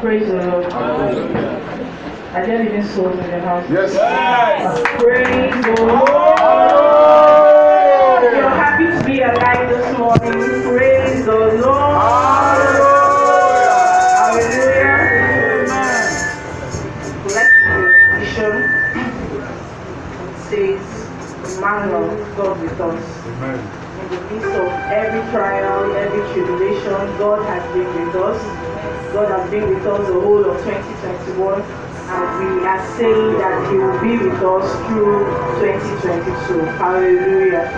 Praise the Lord. Hallelujah. Are there living souls in the house? Yes. yes. Praise the Lord. Hallelujah. You're happy to be alive this morning. Praise the Lord. Hallelujah. Hallelujah. Bless you. It says, Man of God with us. Amen. In the midst of every trial, every tribulation, God has been with us. God has been with us the whole of 2021 and we are saying that He will be with us through 2022. Hallelujah.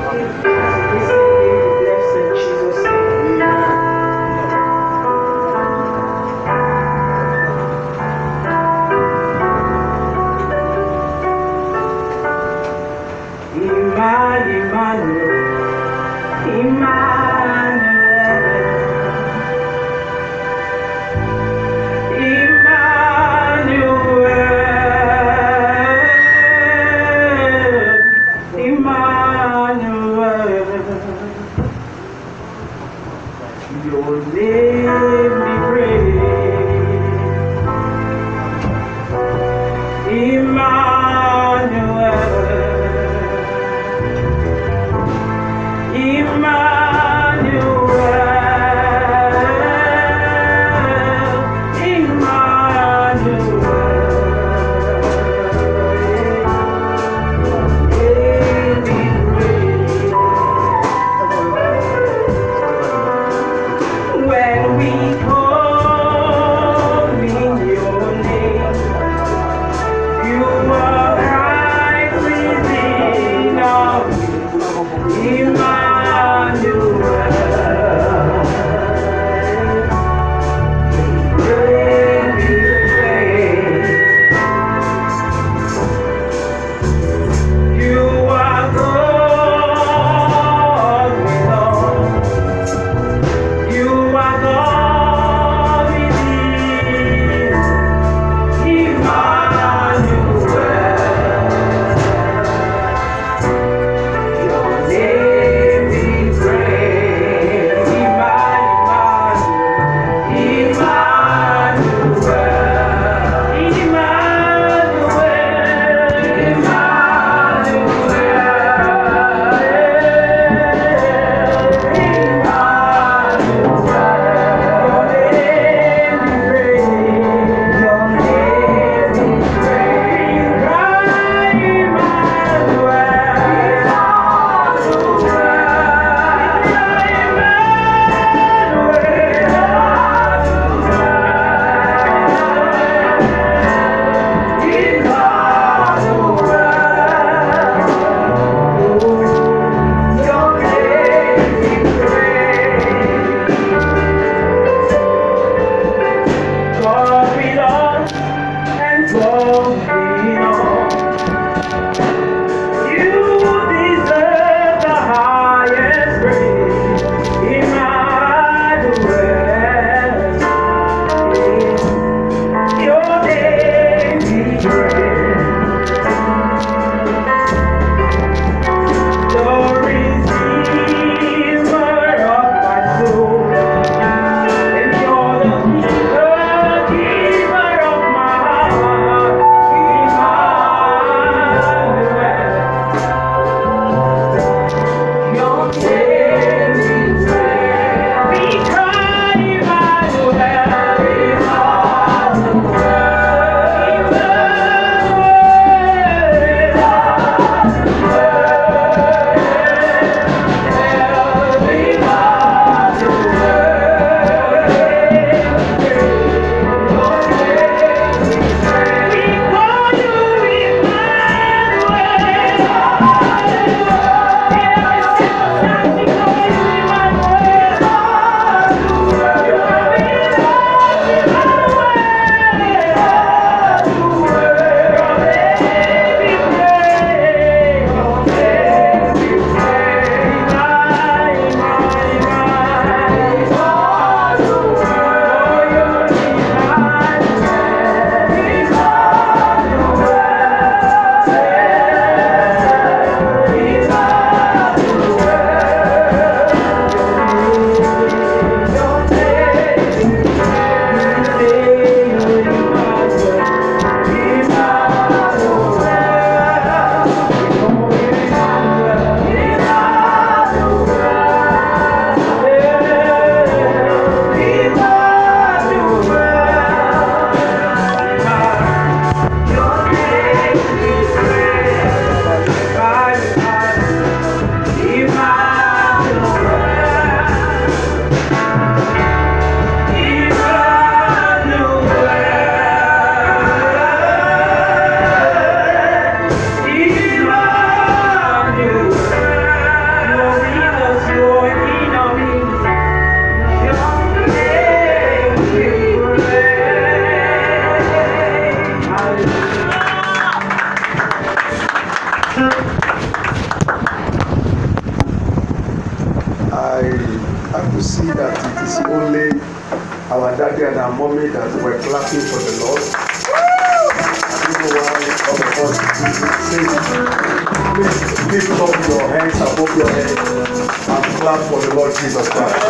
And clap for the Lord Jesus Christ.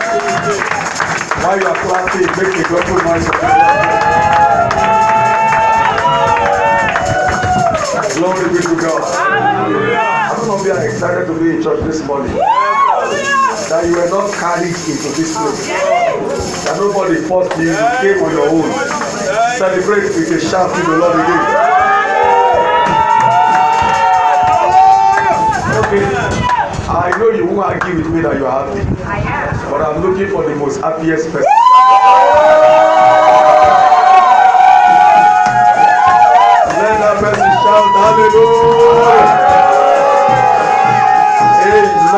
While you are clapping, make a joyful noise for the Glory be to God. Hallelujah. don't know of you are excited to be in church this morning? that you were not carried into this place. That nobody forced you, you came on your own. Celebrate with a shout to the Lord again. I know you won't argue with me that you're happy. I am. But I'm looking for the most happiest person. Let that person shout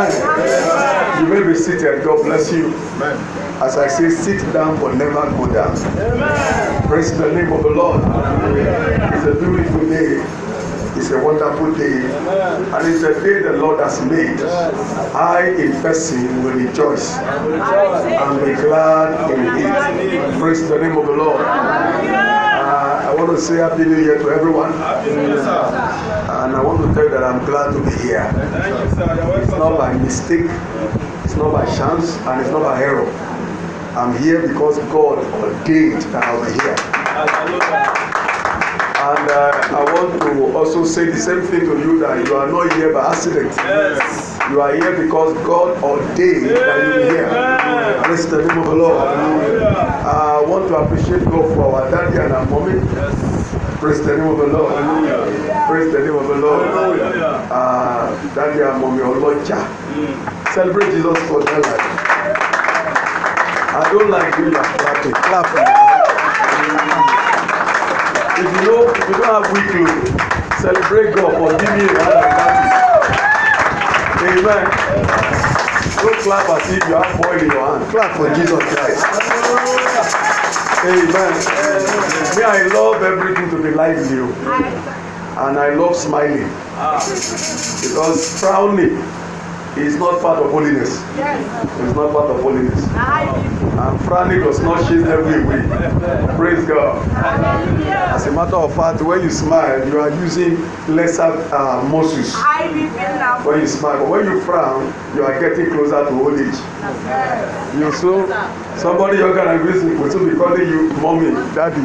hallelujah. Amen. You may be seated. God bless you. As I say, sit down but never go down. Amen. Praise the name of the Lord. It's a beautiful day. It's a wonderful day, and it's a day the Lord has made. I, in person, will rejoice and be glad in it. Praise the name of the Lord. Uh, I want to say Happy New Year to everyone. And I want to tell you that I'm glad to be here. It's not by mistake, it's not by chance, and it's not by error. I'm here because God ordained that I'll be here. And uh, I want to also say the same thing to you that you are not here by accident. Yes. You are here because God ordained that you are here. Yeah. Praise the name of the Lord. Yeah. I want to appreciate God for our daddy and our mommy. Yes. Praise the name of the Lord. Hallelujah. Praise the name of the Lord. Hallelujah. Uh, daddy and mommy, Olocha. Mm. Celebrate Jesus for their life. I don't like you. clapping. Clapping if you no if you no have weak cloth celebrate God for giving you another party amen no clap as if you have oil in your hand clap for Jesus Christ amen me I love everything to be lively o and I love smiling because frowning is not part of holiness. It's not part of holiness. And frowning does not shave every week. Praise God. As a matter of fact, when you smile, you are using lesser uh, muscles. When you smile, but when you frown, you are getting closer to old age. You so somebody younger than you will soon be calling you mommy, daddy.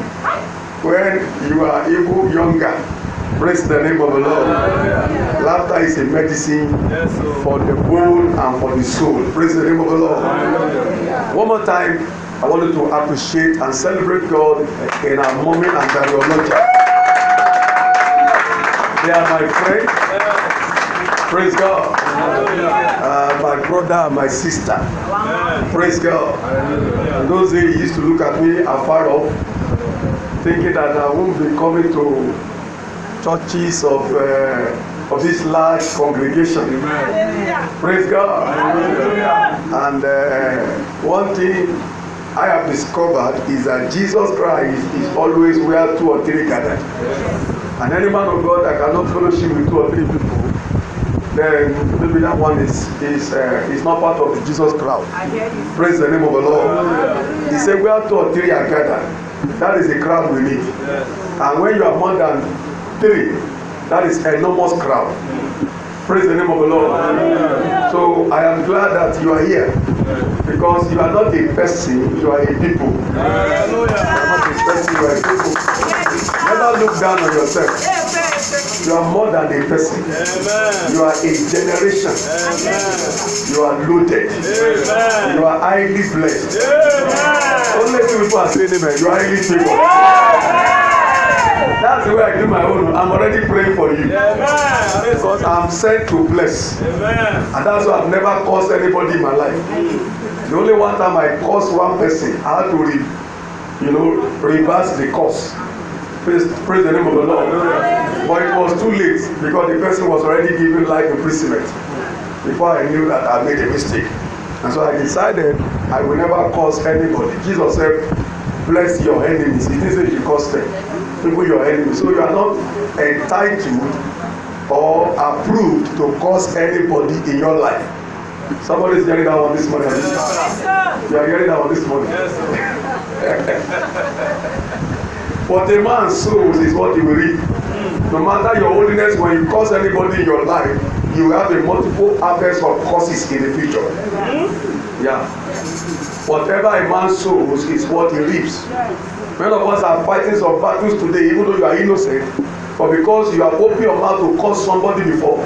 When you are even younger. Praise the name of the Lord. Laughter is a medicine for the bone and for the soul. Praise the name of the Lord. One more time, I want you to appreciate and celebrate God in our moment and cardiology. They are my friends. Praise God. Uh, my brother my sister. Praise God. And those days, he used to look at me afar off, thinking that I won't be coming to churches of, uh, of this large congregation. Amen. Praise God. Amen. And uh, one thing I have discovered is that Jesus Christ is always where two or three gathered. And any man of God that cannot fellowship with two or three people, then maybe that one is is uh, is not part of the Jesus crowd. Praise the name of the Lord. He said, where two or three are gathered, that is the crowd we need. And when you are more than Three. That is enormous crowd. Praise the name of the Lord. Amen. So I am glad that you are here because you are not a person, you are a people. You are not a person, you are a people. Never look down on yourself. You are more than a person. Amen. You are a generation. Amen. You are loaded. You are highly blessed. Don't let people are saying amen. You are highly favored. That's the way I do my own. I'm already praying for you. Because I'm sent to bless. And that's why I've never caused anybody in my life. The only one time I caused one person, I had to, re, you know, reverse the curse. Praise, praise the name of the Lord. But it was too late because the person was already given life imprisonment before I knew that I made a mistake. And so I decided I will never cause anybody. Jesus said, bless your enemies. He didn't say you curse them people you enemy so you are not entitled or approved to cause anybody in your life somebody is hearing that one this morning yes, you are hearing that one this morning yes, but a man's soul is what he will reap no matter your holiness when you cause anybody in your life you have a multiple harvest of curses in the future mm-hmm. yeah whatever a man sows is what he reaps. Yes. Many of us are fighting some battles today even though you are innocent but because you have opened your mouth to curse somebody before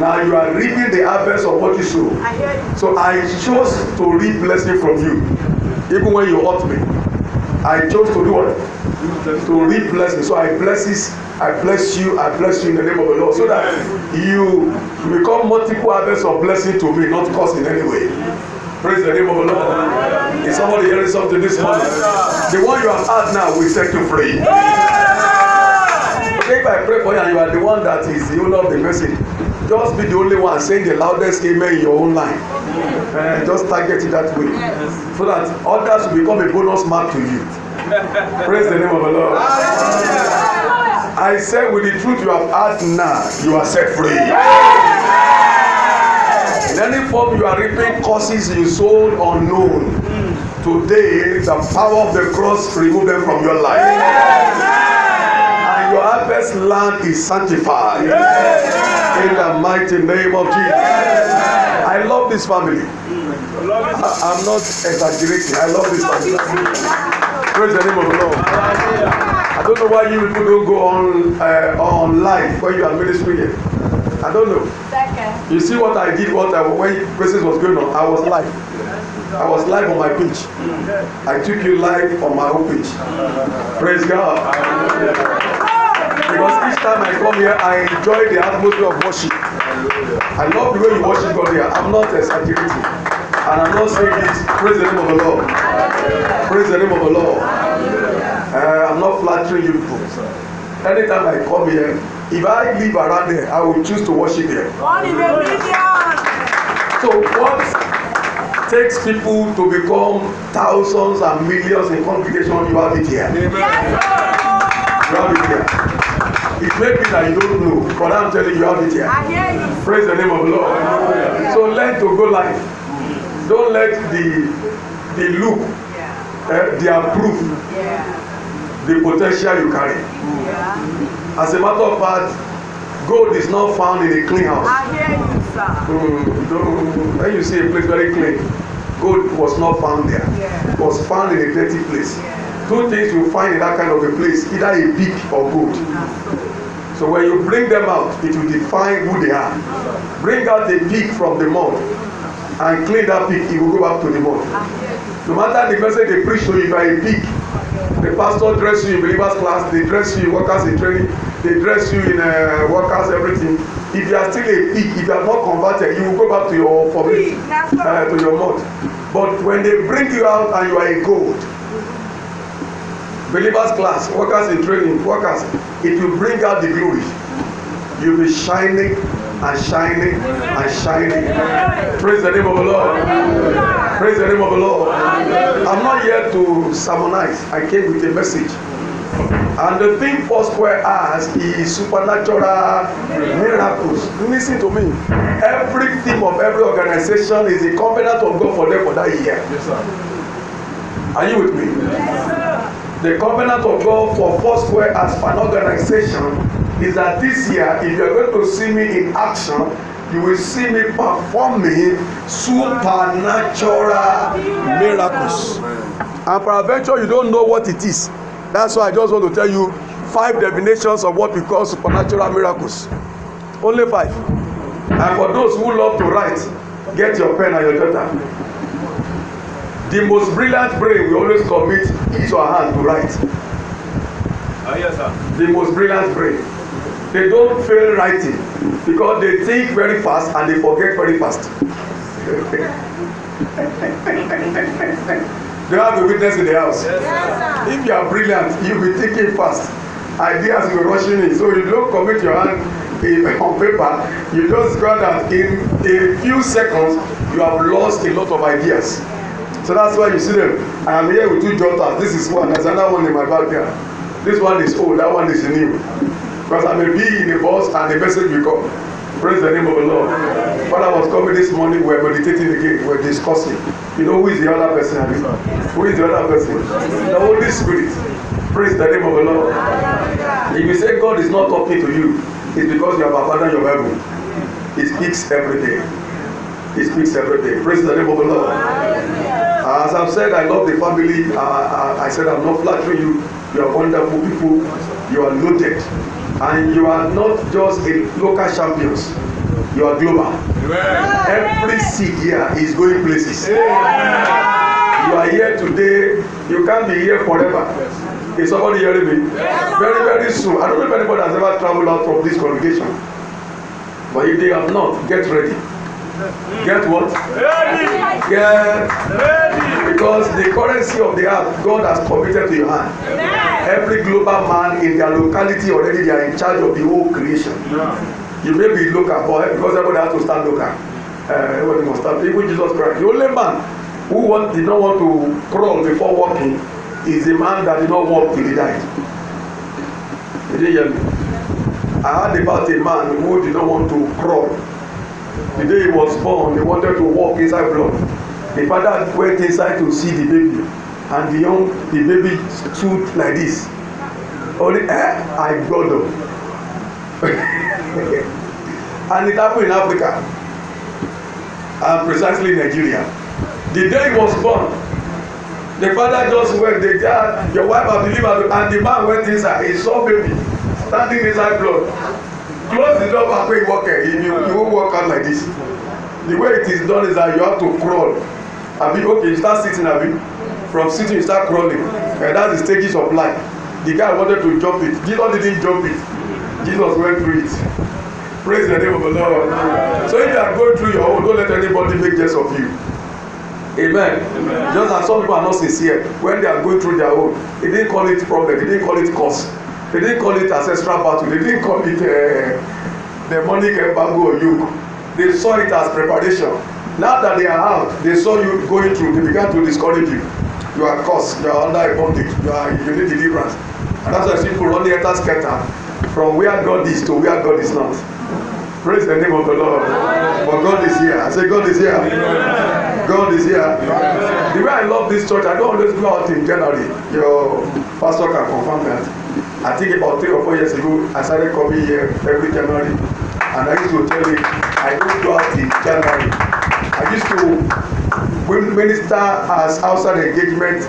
now you are reaping the harvest of what you sow. So I chose to reap blessing from you even when you hurt me. I chose to do what? To reap blessing. So I blesses I bless you I bless you in the name of the Lord so that you become multiple harvest of blessing to me not curse in any way. Praise the name of the Lord. Is somebody hearing something this morning? The one you have had now will set you free. If I pray for you and you are the one that is the owner of the message, just be the only one saying the loudest amen in your own life. Uh, just target it that way. So that others will become a bonus mark to you. Praise the name of the Lord. I said, with the truth you have had now, you are set free any form you are reaping causes you sold unknown. Today, the power of the cross remove them from your life. And your harvest land is sanctified. In the mighty name of Jesus. I love this family. I, am not exaggerating. I love this family. Praise the name of the Lord. I don't know why you people don't go on uh, on live when you are ministering. I don't know. You see what I did, what I when crisis was going on, I was live. I was live on my page. I took you live on my own page. Praise God. Because each time I come here, I enjoy the atmosphere of worship. I love the way you worship God here. I'm not exaggerating. And I'm not saying this. Praise the name of the Lord. Praise the name of the Lord. Uh, I'm not flattering you. Anytime I come here, if I live around there, I will choose to worship there. One in a million. So what takes people to become thousands and millions in congregation, you have it here. Amen. Yes, you have it here. It may be that you don't know, but I'm telling you, you have it here. I hear you. Praise the name of the Lord. So learn to go live. Don't let the the look, yeah. uh, the approve, yeah. the potential you carry. Yeah as a matter of fact gold is not found in a clean house i hear you sir mm, when you see a place very clean gold was not found there yeah. it was found in a dirty place yeah. two things you find in that kind of a place either a pig or gold so when you bring them out it will define who they are bring out the pig from the mud and clean that pig it will go back to the mud no matter the message dey preach to you if you are a pig The pastor dress you in believers class, they dress you in workers in training, they dress you in uh, workers everything. If you are still a pig, if you are not converted, you will go back to your family, uh, to your mud. But when they bring you out and you are a gold, believers class, workers in training, workers, it will bring out the glory. You will be shining and shining and shining. Praise the name of the Lord. Praise the name of the Lord. I'm not here to sermonize. I came with a message. And the thing Foursquare has is supernatural miracles. Listen to me. Every team of every organization is a covenant of God for them for that year. Yes, sir. Are you with me? Yes, sir. The covenant of God for Foursquare as an organization is that this year if you are going to see me in action you will see me performing supernatural miracles and for adventure, you don't know what it is that's why i just want to tell you five definitions of what we call supernatural miracles only five and for those who love to write get your pen and your jotter the most brilliant brain we always commit into our hand to write. Uh, yes, sir. the most brilliant brain they don't fail writing because they think very fast and they forget very fast. they have a witness in the house. Yes, if you are brilliant, you will be thinking fast. Ideas will rush in. So you don't commit your hand in, on paper. You just got that in a few seconds, you have lost a lot of ideas. So that's why you see them. I am here with two jotters. This is one. There's another one in my backyard. This one is old. That one is new. Because I may be in the bus and the message will come. Praise the name of the Lord. When I was coming this morning, we were meditating again, we were discussing. You know who is the other person? I mean? Who is the other person? The Holy Spirit. Praise the name of the Lord. If you say God is not talking to you, it's because you have abandoned your Bible. He speaks every day. He speaks every day. Praise the name of the Lord. As I've said, I love the family. I, I, I said, I'm not flattering you. You are wonderful people. You are loaded and you are not just a local champions you are global Amen. every seed here is going places Amen. you are here today you can be here forever is somebody hearing me yes. very very soon i don't know if anybody has ever traveled out from this congregation but if they have not get ready Get what? Ready. Get ready. Because the currency of the earth God has committed to your hand. Amen. Every global man in their locality already they are in charge of the whole creation. Yeah. You may be local, but because everybody has to stand local. Uh, everybody must stand. Even Jesus Christ, the only man who want, did not want to crawl before walking is a man that did not walk till he died. Did you hear me? I heard about a man who did not want to crawl The day he was born, they wanted to walk inside blood. The father went inside to see the baby, and the young the baby stood like this. Only eh, I got them. and it happened in Africa, and precisely Nigeria. The day he was born, the father just went. The dad, your wife, I believe, and the man went inside. He saw baby standing inside blood close the door back when you walk in you you won't walk out like this the way it is done is that you have to crawl abi okay you start sitting abi from sitting you start crawling and that's the stages of life the guy wanted to jump it jesus didn't jump it jesus went through it praise the name of the lord so if you are going through your own don't let anybody make jest of you amen. amen just as some people are not sincere when they are going through their own he didn't call it problem He didn't call it cause They didn't call it ancestral battle. They didn't call it uh, demonic embargo or yoke. They saw it as preparation. Now that they are out, they saw you going through. They began to discourage you. You are cursed. You are under a bondage. You, are, you need deliverance. And that's why people only enter scatter from where God is to where God is not. Praise the name of the Lord. But God is here. I say, God is here. God is here. The way I love this church. I don't always go out in January. Your pastor can confirm that. I think about three or four years ago, I started coming here every January. And I used to tell him, I don't go out in January. I used to minister as outside engagement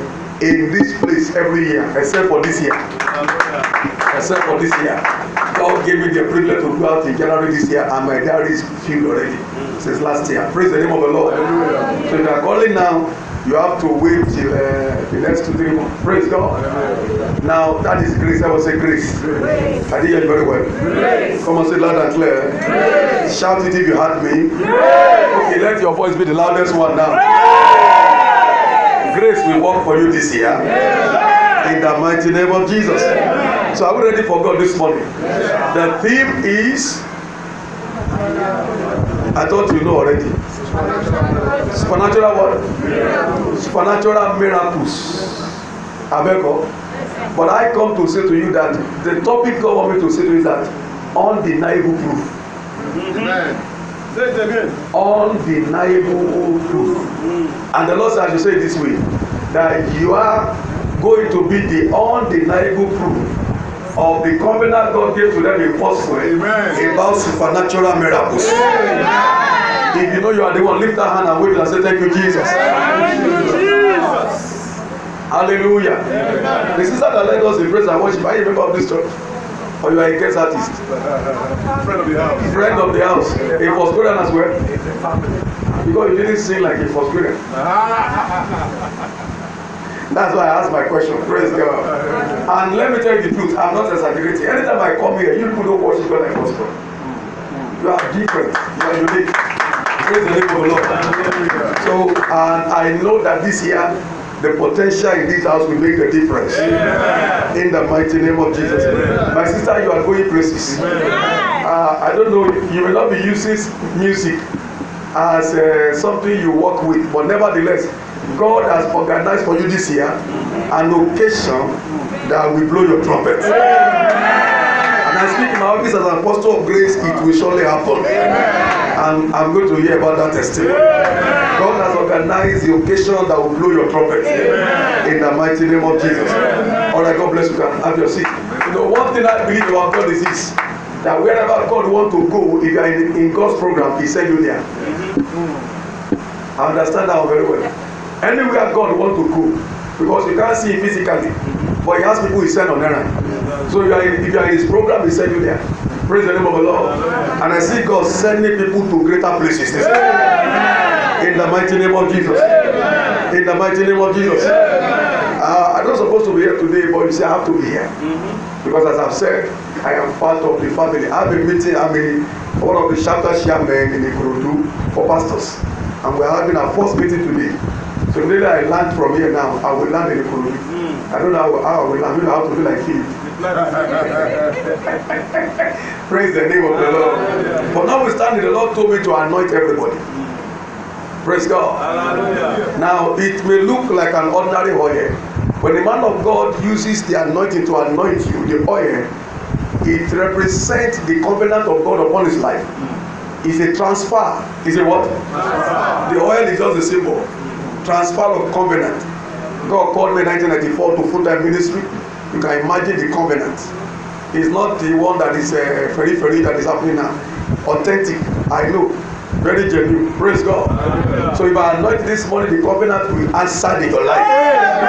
in this place every year, except for this year. Except for this year. God gave me the privilege to go out in January this year, and my diary is filled already since last year. Praise the name of the Lord. So if you are calling now, you have to wait till uh, the next two three months. Praise God. Amen. Now that is grace. I will say grace. grace. I did it very well. Grace. Come on, say loud and clear. Grace. Shout it if you heard me. Grace. Okay, let your voice be the loudest one now. Grace, grace will work for you this year. Grace. In the mighty name of Jesus. Amen. So are we ready for God this morning? Yes. The theme is. I thought you know already. Supernatural what? Supernatural miracles. Abeko. But I come to say to you that the topic God want me to say to you is that undeniable proof. Say it again. Undeniable proof. And the Lord said, I should say it this way that you are going to be the undeniable proof of the covenant God gave to them in Foursquare about supernatural miracles. Amen. If you know you are the one, lift that hand and wave and say, Thank you, Jesus. Thank you, Jesus. Hallelujah. Amen. The sister that led us in praise and worship, I remember of this church. Or you are a guest artist. Friend of the house. Friend of the house. A first grader as well. Because you didn't sing like a first grader. Ah. That's why I asked my question. Praise God. And let me tell you the truth. I'm not exaggerating. Anytime I come here, you people don't worship when I gospel. You are different. You are unique. Praise the name of the Lord. So, and I know that this year, the potential in this house will make a difference. In the mighty name of Jesus. My sister, you are going places. Uh, I don't know, you will not be using music as uh, something you work with, but nevertheless, God has organized for you this year an occasion that will blow your trumpet. And I speak in my office as an apostle of grace, it will surely happen. And I'm going to hear about that testimony. God has organized the occasion that will blow your trumpet. In the mighty name of Jesus. All right, God bless you. Can have your seat. You know, one thing I believe about God is this that wherever God wants to go, if you are in, in God's program, He send you there. Mm-hmm. I understand that very well. Anywhere God want to go because you can't see physically but he has people he send on errand. So if you, are, if you are in his program, he send you there. Praise the name of the Lord. And I see God sending people to greater places. In the mighty name of Jesus. In the mighty name of Jesus. Uh, I'm not supposed to be here today, but you see, I have to be here. Mm-hmm. Because as I've said, I am part of the family. I've been meeting, I'm in one of the chapter chairmen in Ikorodu for pastors. And we're having our first meeting today. So maybe I learn from here now, I will learn in the Mm. I don't know how, how I will learn I don't know how to be like him. Praise the name of the Lord. now But notwithstanding, the Lord told me to anoint everybody. Hmm. Praise God. Hallelujah. Now, it may look like an ordinary oil. When the man of God uses the anointing to anoint you, the oil, it represents the covenant of God upon his life. Hmm. It's a transfer. It's a what? Transfer. The oil is just a symbol. transfer of covenant God called me in 1994 to full-time ministry you can imagine the covenant it's not the one that is uh, eh, very very that is happening now authentic I know very genuine praise God Hallelujah. so if I anoint this morning the covenant will answer in your life yeah.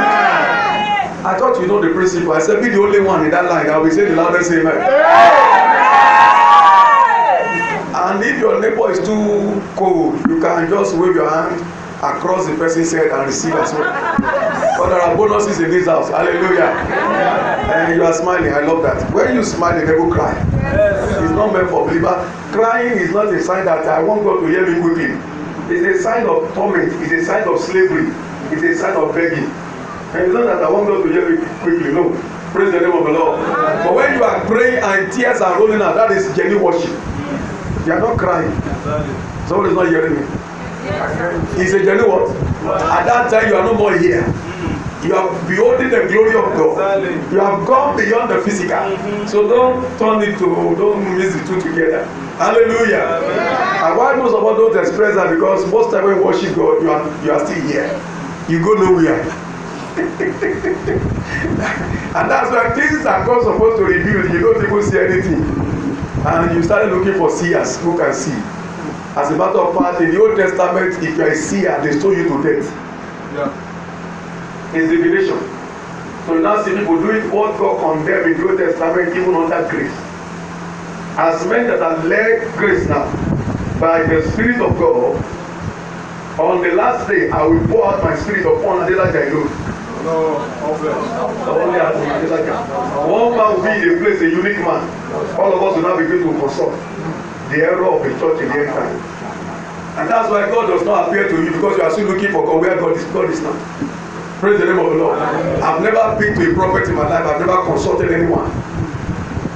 I thought you know the principle I said be the only one in that line I will say the loudest amen. Yeah. and if your neighbor is too cold you can just wave your hand across the person's head and receive as well. But there are bonuses in this house. Hallelujah. And you are smiling. I love that. When you smile, the devil cry. It's not meant for believer. Crying is not a sign that I want God to hear me weeping. It's a sign of torment. It's a sign of slavery. It's a sign of begging. And it's not that I want God to hear me quickly. No. Praise the name of the Lord. But when you are praying and tears are rolling out, that is genuine worship. You are not crying. Somebody is not hearing me. He's a genuine what? At that time, you are no more here. You are beholding the glory of God. You have gone beyond the physical. Mm-hmm. So don't turn it to, don't mix the two together. Hallelujah. And why most of us don't express that? Because most time when you worship God, you are, you are still here. You go nowhere. and that's why things that God supposed to reveal, you don't even see anything. And you started looking for seers who can see as a matter of fact in the old testament if you are a seer they stone you to death yeah. it's revelation so now see people doing what God condemn in the old testament even under grace as men that are led grace now by the spirit of God on the last day i will pour out my spirit upon I know. No, adela jairo only adela jairo one man will be in a place a unique man all of us will now begin to consult the error of the church in the end time and that's why God does not appear to you because you are still looking for God where God is God is not. praise the name of the Lord I've never been to a prophet in my life I've never consulted anyone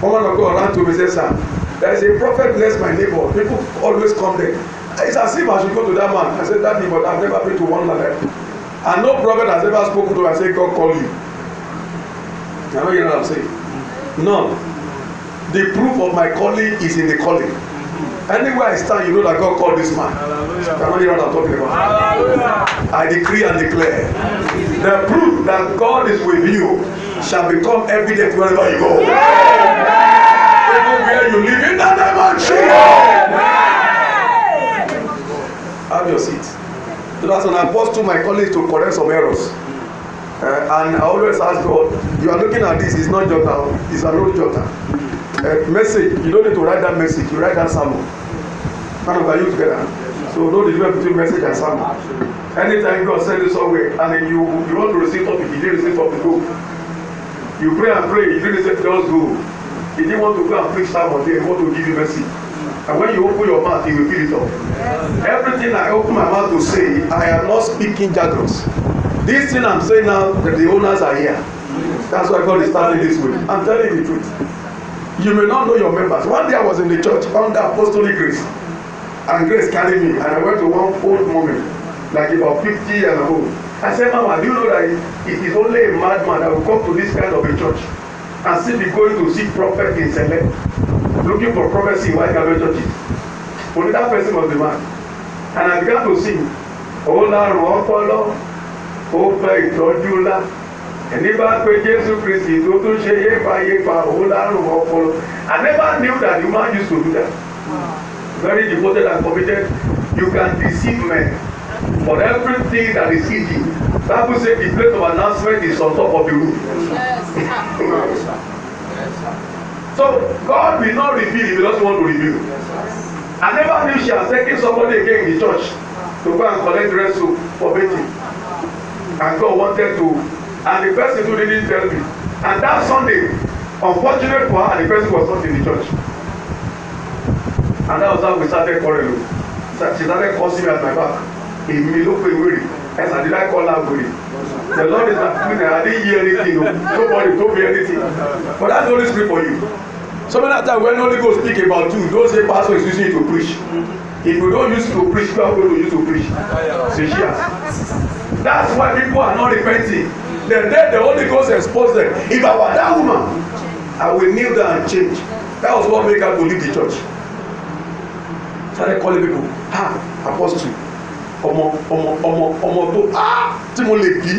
woman of God ran to me say sir there is a prophet bless my neighbor people always come there it's as if I should go to that man I said that neighbor I've never been to one like that and no prophet has ever spoken to me and say God call you I don't hear what I'm saying none the proof of my calling is in the calling Anywhere I stand, you know that God called this man. That's only what I'm talking about. Hallelujah. I decree and declare the proof that God is with you shall become evident wherever you go. Yeah. Even where you live in the name of Jesus. Yeah. Have your seat. So that's an apostle my colleagues to correct some errors. Uh, and I always ask God, you are looking at this, it's not Jota, it's a old Jota uh, message you don't need to write that message you write that sermon man of God you together so no difference between message and sermon anytime God send you somewhere and then you you want to receive topic you didn't receive topic go you pray and pray you didn't receive just go he didn't want to go and preach sermon there he want to give you message and when you open your mouth he will fill it up yes. everything i open my mouth to say i am not speaking jargons this thing i'm saying now the owners are here that's why god is standing this way i'm telling the truth you may not know your members one day i was in the church under apostolic grace and grace carry me and i went to one old woman like about fifty years old i said mama do you know that it is only a madman that will come to this kind of a church and still be going to see prophet in sele looking for prophecy in white carpet churches only that person was the man and i began to sing ó lárùn ọpọlọ ó fẹ́ ìtọ́jú ńlá ẹni bá pe Jésù Kristi tó tún ṣe yépayépa òun lárùn ọpọlọ I never knew that you man used to do that very devoted and committed you can deceive men for everything that is easy Bible say the place of announcement is on top of the roof yes, yes, so God will not reveal if he doesn't want to reveal yes, I never knew she had taken somebody again in the church to go and collect rest for betting and God wanted to and the person who didn't tell me and that sunday unfortunate for her the person was not in the church and that was how we started quarrel o she started cursing me at my back èmi ló pe wèrè i did i call her wèrè the lord is my cleaner i didn't hear anything o nobody told me anything but that's only spirit for you so many times when holy go speak about you don say pastor is using it to preach if you don use it to preach you are going to use to preach say she has that's why people are not repenting Then then the Holy Ghost exposed them. If I were that woman, I will kneel down and change. That was what made her to leave the church. Started calling people, ah, apostle, ọmọ ọmọ ọmọ ọmọ tó ah tí mo lè bí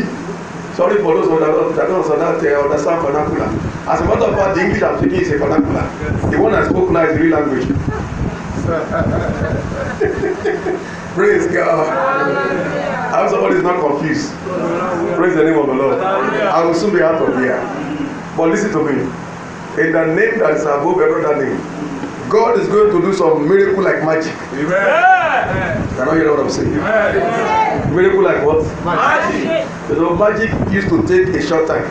sorry for those that don't that don't understand that uh, vernacular as a matter of fact the english i'm speaking is a vernacular the one i spoke now is real language. Praise God. I hope somebody is not confused. Praise the name of the Lord. I will soon be out of here. But listen to me. In the name that is above every other name, God is going to do some miracle like magic. Amen. Yeah. I know you know what I'm saying. Yeah. Miracle like what? Magic. You know, magic used to take a short time.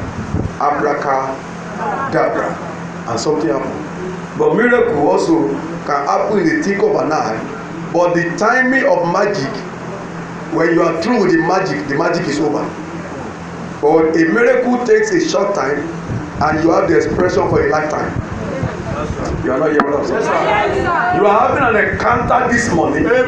Abracadabra. And something happened. But miracle also can happen in the tick of an eye but the timing of magic when you are through with the magic the magic is over but a miracle takes a short time and you have the expression for a lifetime you are not hearing what i'm saying you are having an encounter this morning Amen.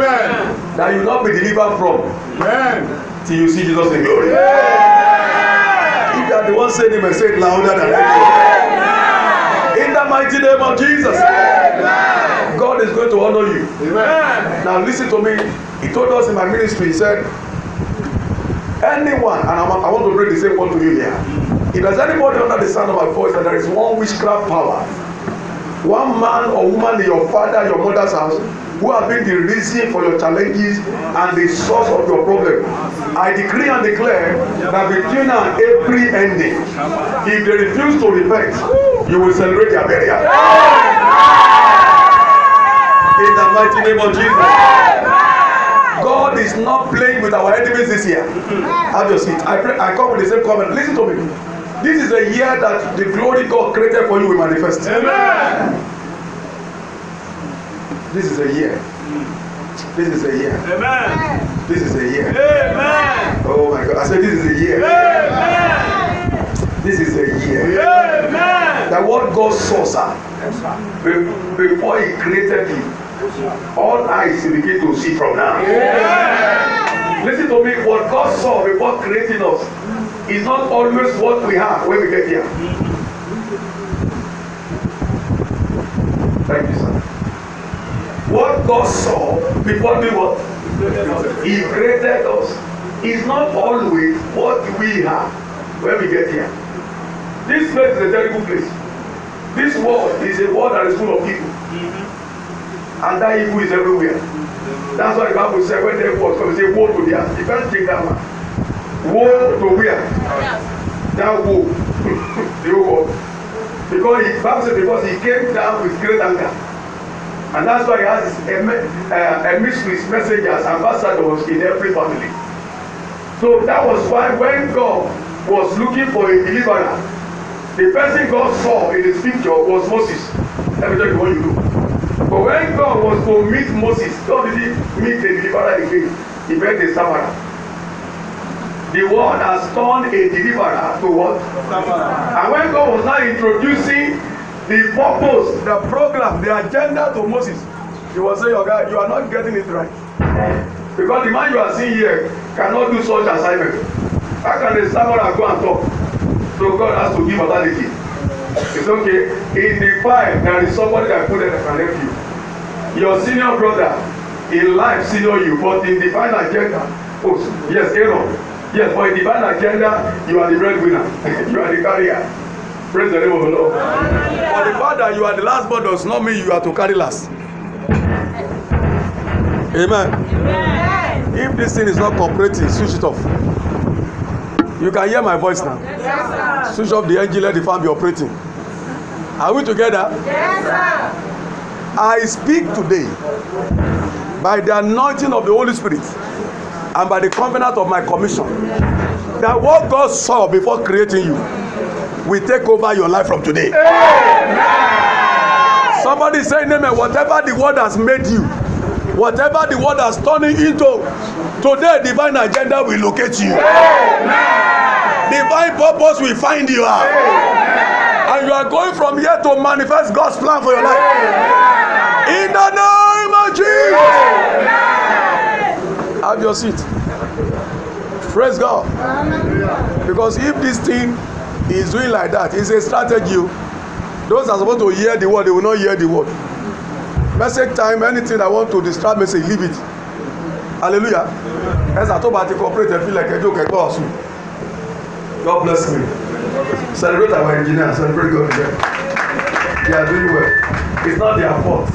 that you not be delivered from Amen. till you see jesus in glory yeah. if you are the one saying it, say it louder than yeah. in the mighty name of jesus. Amen. God is going to honor you. Amen. Now listen to me. He told us in my ministry, he said, anyone, and I'm, I want to bring the same one to you here. If there's anybody under the sound of my voice and there is one witchcraft power, one man or woman in your father, your mother's house, who have been the reason for your challenges and the source of your problem. I decree and declare that between now and every ending, if they refuse to repent, you will celebrate their burial. Yeah. mighty name of Jesus. God is not playing with our enemies this year. Have your seat. I pray, I come with the same comment. Listen to me. This is a year that the glory God created for you will manifest. Amen. This is a year. This is a year. Amen. This is a year. Amen. Oh my God. I said, This is a year. Amen. This is a year. Amen. That what God saw, sir, sir. before He created you all eyes begin to see from now. Yeah. Listen to me. What God saw before creating us is not always what we have when we get here. Thank you, sir. What God saw before doing what? He created us. Is not always what we have when we get here. This place is a terrible place. This world is a world that is full of evil. and that evil is everywhere that's why the bible say when the was come say woe to their the first thing that one woe to where that woe the whole because he bible say because he came down with great anger and that's why he has a, uh, messengers ambassadors in every family so that was why when god was looking for a deliverer the person god saw in the picture was moses let me tell you what you know when God was to meet Moses, God didn't meet the deliverer again. He met the Samara. The word has turned a deliverer to what? And when God was now introducing the purpose, the program, the agenda to Moses, he was saying, Oga, oh you are not getting it right. Because the man you are seeing here cannot do such assignment. How can the Samara go and talk? So God has to give authority. It's okay. In the fire, there is somebody that put it and help you your senior brother in life senior you but in divine agenda oh yes aaron yes For in divine agenda you are the breadwinner you are the carrier praise the name of the lord for the father, you are the last born does not mean you are to carry last amen, amen. if this thing is not cooperating switch it off you can hear my voice now yes, switch off the engine let the farm be operating are we together yes, sir. I speak today by the anointing of the Holy Spirit and by the covenant of my commission that what God saw before creating you will take over your life from today. Amen. Somebody say, Amen. Whatever the word has made you, whatever the word has turned into, today divine agenda will locate you. Amen. Divine purpose will find you out. Amen. And you are going from here to manifest God's plan for your life. Amen the name of Jesus. Have your seat. Praise God. Because if this thing is doing like that, it's a strategy. Oh. Those are supposed to hear the word, they will not hear the word. Message time, anything I want to distract say leave it. Hallelujah. Ẹ̀sà tó bá ti cooperate ẹ̀ fi lẹ̀kẹ́ jókè gbọ́ ọ̀sùn. God bless me. Celebrate our engineer, celebrate God. They are doing well. It's not their fault.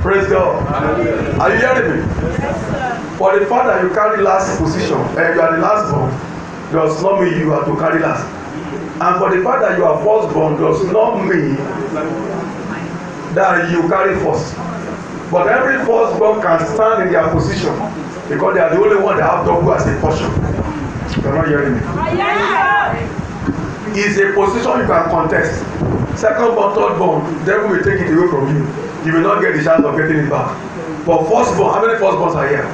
Praise God. Hallelujah. Are you hearing me? Yes, For the father, you carry last position and eh, you are the last born does not mean you are to carry last. And for the father, you are first born does not mean that you carry first. But every first born can stand in their position because they are the only one that have double as a portion. You are not hearing me. Yes, is a position you can contest second born third born devil will take it away from you you will not get the chance of getting it back but first born how many first borns are here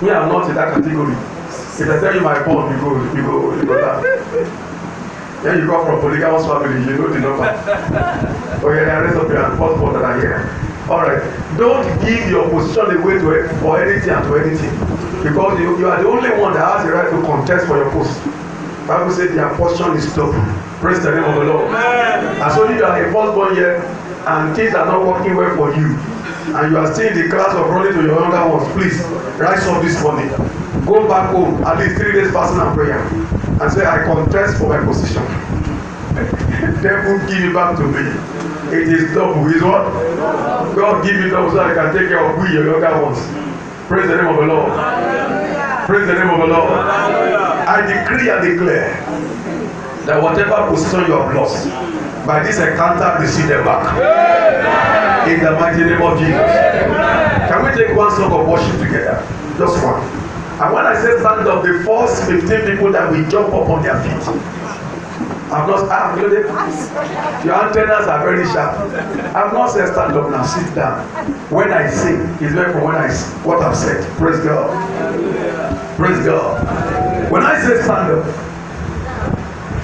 me i'm not in that category if i tell you my born you go you go you go down Then you come from polygamous family you know the number oh, yeah, the rest of your hand first born that are here All right. don't give your position away to for anything and to anything because you you are the only one that has the right to contest for your post. Bible say their portion is double. Praise the name of the Lord. Amen. And so you are a firstborn here and things are not working well for you and you are still in the class of running to your younger ones please rise up this morning go back home at least three days fasting and prayer and say I contest for my position devil give it back to me it is double is what God give me double so I can take care of we your younger ones praise the name of the Lord praise the name of the Lord. Hallelujah. I decree and declare that whatever position you have lost, by this encounter, receive them back. In the mighty name of Jesus. Can we take one song of worship together? Just one. And when I say stand up, the first 15 people that will jump up on their feet. I'm not I'm ah, loaded. Your antennas are very sharp. I'm not saying stand up now, sit down. When I sing, it's very from when I what I've said. Praise God. Praise God. When I say stand up,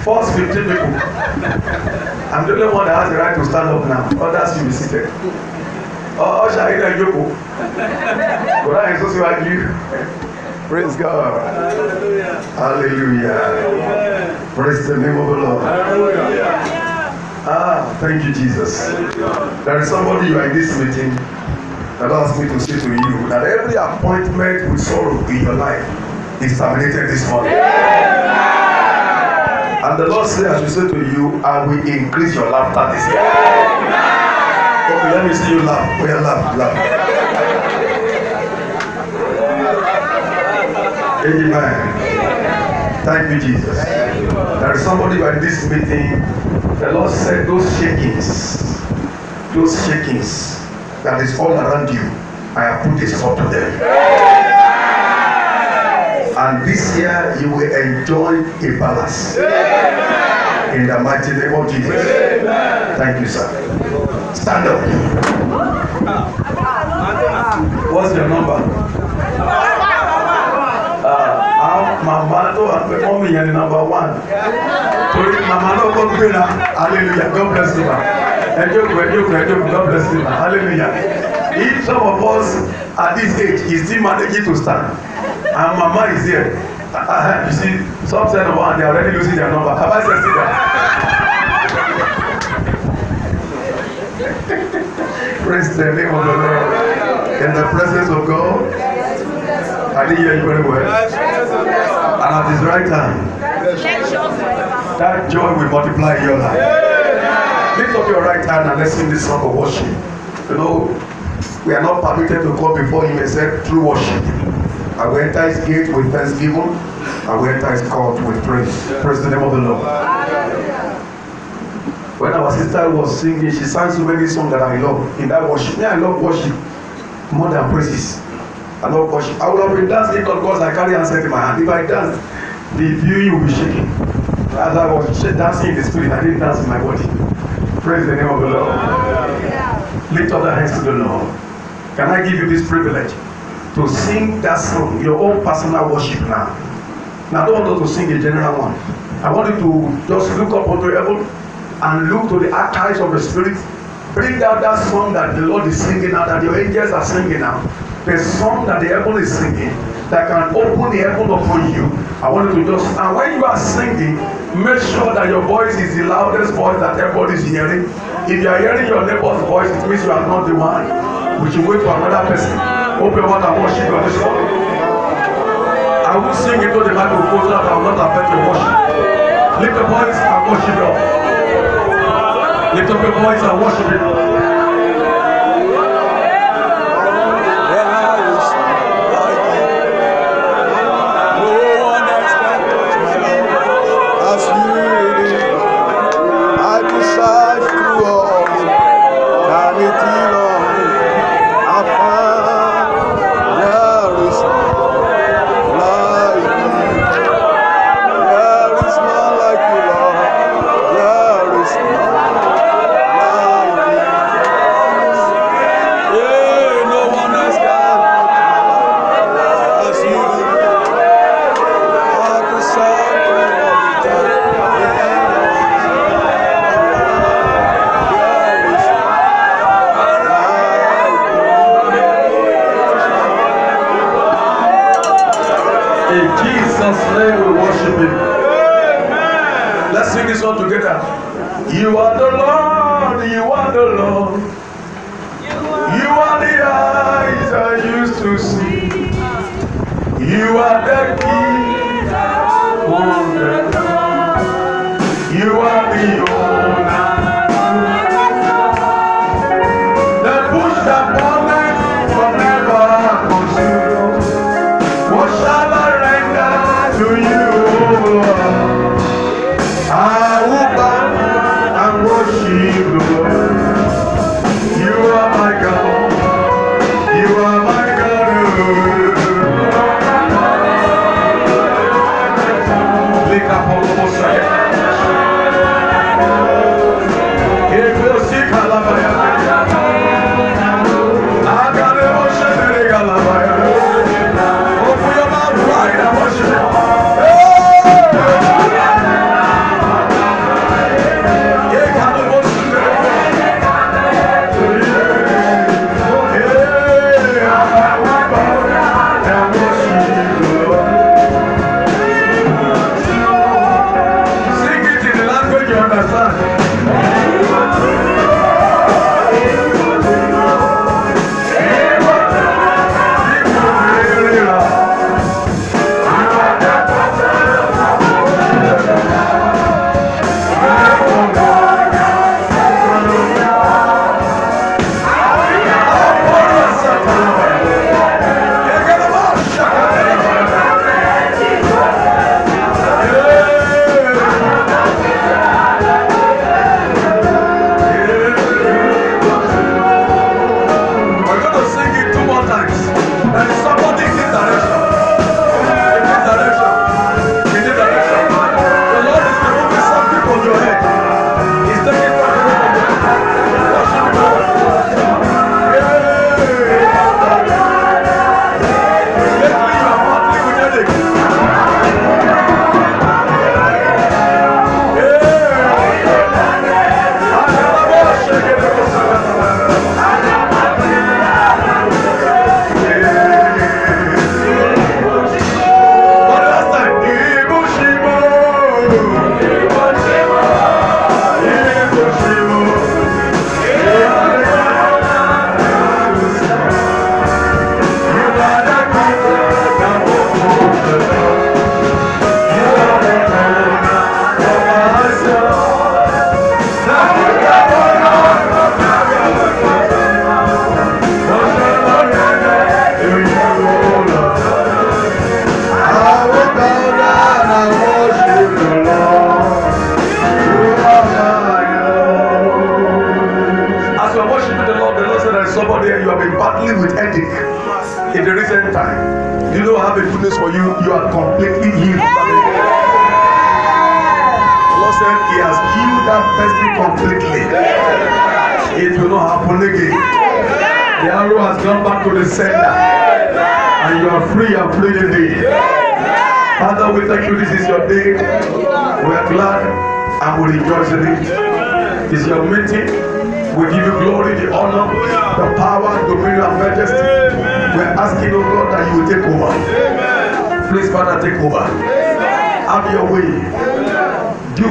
first 15 people, I'm the only one that has the right to stand up now. Others should be seated. Oh, oh shall in a joko. But I also see you. Praise God. Hallelujah. Hallelujah. Hallelujah. Praise the name of the Lord. Hallelujah. Ah, thank you, Jesus. Hallelujah. There is somebody you are in this meeting that asked me to say to you that every appointment with sorrow in your life disseminated this morning. And the Lord said, as we say to you, I will increase your laughter this year. Okay, let me see you laugh. Oh, yeah, laugh, laugh. Amen. Thank you, Jesus. There is somebody by this meeting. The Lord said, those shakings, those shakings that is all around you, I have put a stop to them. And this year you will enjoy a balance. Amen. In the mighty name of Jesus. Amen. Thank you, sir. Stand up. What's your number? Àwọn màmá tó wà pé mọ́mí yẹn ni number one. Torí màmá náà kọ́ gbé na hallelujah God bless you ma. Ẹ jókòó ẹ jókòó ẹ jókòó God bless you ma hallelujah. If some of us at this age is still managing to stand and mama is here uh, you see some send one; oh, and they are already losing their number baba send see that praise the name of the lord in the presence of god i dey hear you very well and at his right hand that joy will multiply in your life lift up your right hand and let's sing this song of worship you know we are not permitted to come before him except through worship. I went enter his gate with thanksgiving, I went enter his court with praise. Praise the name of the Lord. When our sister was singing, she sang so many songs that I love in that worship. Me, I love worship more than praises. I love worship. I would have been dancing if not because I carry answer in my hand. If I dance, the view will be shaking. As I was dancing in the spirit, I didn't dance in my body. Praise the name of the Lord. Lift up the hands to the Lord. Can I give you this privilege? to sing that song, your own personal worship now. Now, I don't want us to sing a general one. I want you to just look up unto heaven and look to the archives of the Spirit. Bring out that song that the Lord is singing now, that your angels are singing now. The song that the heaven is singing that can open the heaven upon you. I want you to just, and when you are singing, make sure that your voice is the loudest voice that everybody is hearing. If you are hearing your neighbor's voice, it means you are not the one. Which you wait for another person. Open what I worship God this morning. I will sing into the microphone so that I will not affect your worship. Lift up your voice and worship God. Lift up your voice and worship Him.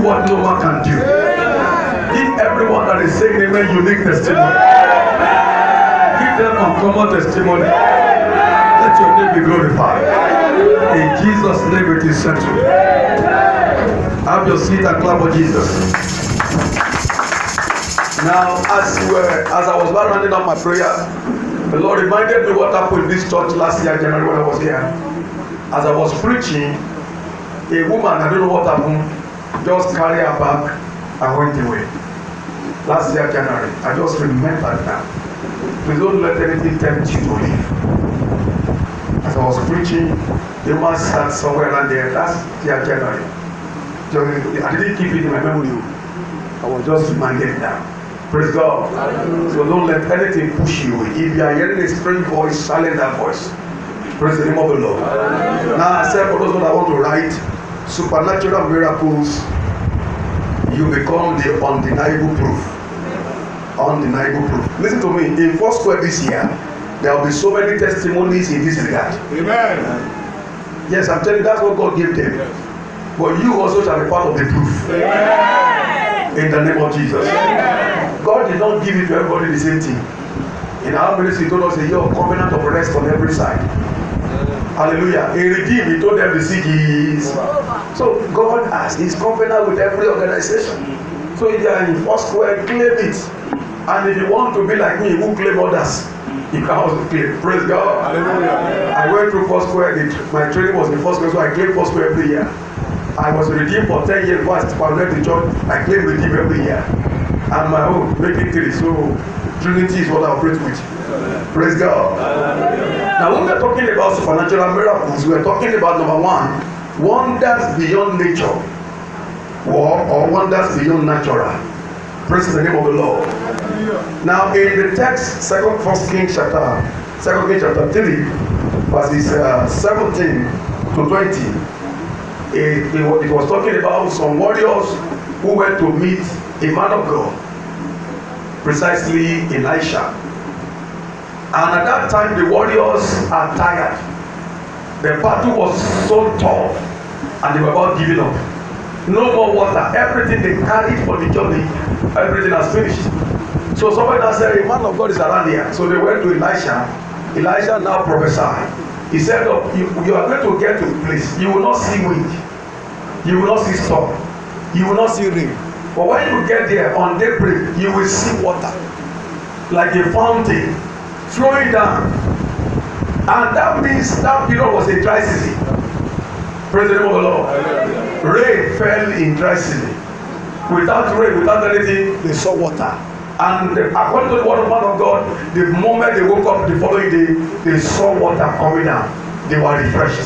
what no one can do. Give everyone that is saying amen unique testimony. Give them a common testimony. Let your name be glorified. In Jesus' name it is settled. Have your seat and clap for Jesus. Now, as, were, as I was running up my prayer, the Lord reminded me what happened in this church last year, January, when I was here. As I was preaching, a woman, I don't know what happened, just carry her back and went away last year January I just remembered that. please don't let anything tempt you to leave as I was preaching the man sat somewhere around there last year January I didn't keep it in my memory I was just reminded now. Praise God. So don't let anything push you. If you are hearing a strange voice, silence that voice. Praise the name of the Lord. Now, I said for those that want to write, supernatural miracles, you become the undeniable proof. Undeniable proof. Listen to me, in First Square this year, there will be so many testimonies in this regard. Amen. Yes, I'm telling you, that's what God gave them. Yes. But you also shall be part of the proof. Amen. In the name of Jesus. Amen. God did not give it to everybody the same thing. In our ministry, he told us a year of covenant of rest on every side. Hallelujah. He redeemed, he told them the sick is. So God has, is covenant with every organization. So if you are in first square, claim it. And if you want to be like me, who claim others? You can also claim. Praise God. Hallelujah. I went through first square. My training was in first square, so I claim first square every year. I was redeemed for ten years before I founded the church. I claim redeem every year. and my own making. three. So Trinity is what I operate with. Praise God. Now, when we're talking about supernatural miracles, we're talking about number one, wonders beyond nature, or, or wonders beyond natural. Praise the name of the Lord. Now, in the text, Second First Kings chapter, Second Kings chapter three, verses uh, seventeen to twenty. It, it, it was talking about some warriors who went to meet a man of God, precisely Elisha. And at that time, the warriors are tired. The battle was so tough, and they were about giving up. No more water. Everything they carried for the journey, everything has finished. So somebody now said, A man of God is around here. So they went to Elisha. Elisha now prophesied. He said, oh, you, you are going to get to a place. You will not see wind. You will not see storm. You will not see rain. But when you get there on daybreak, you will see water like a fountain flowing down. And that means that period was a dry season. Praise the name of the Lord. Rain fell in dry season. Without rain, without anything, they saw water. And according to the word of man of God, the moment they woke up the following day, they saw water coming down. They were refreshed.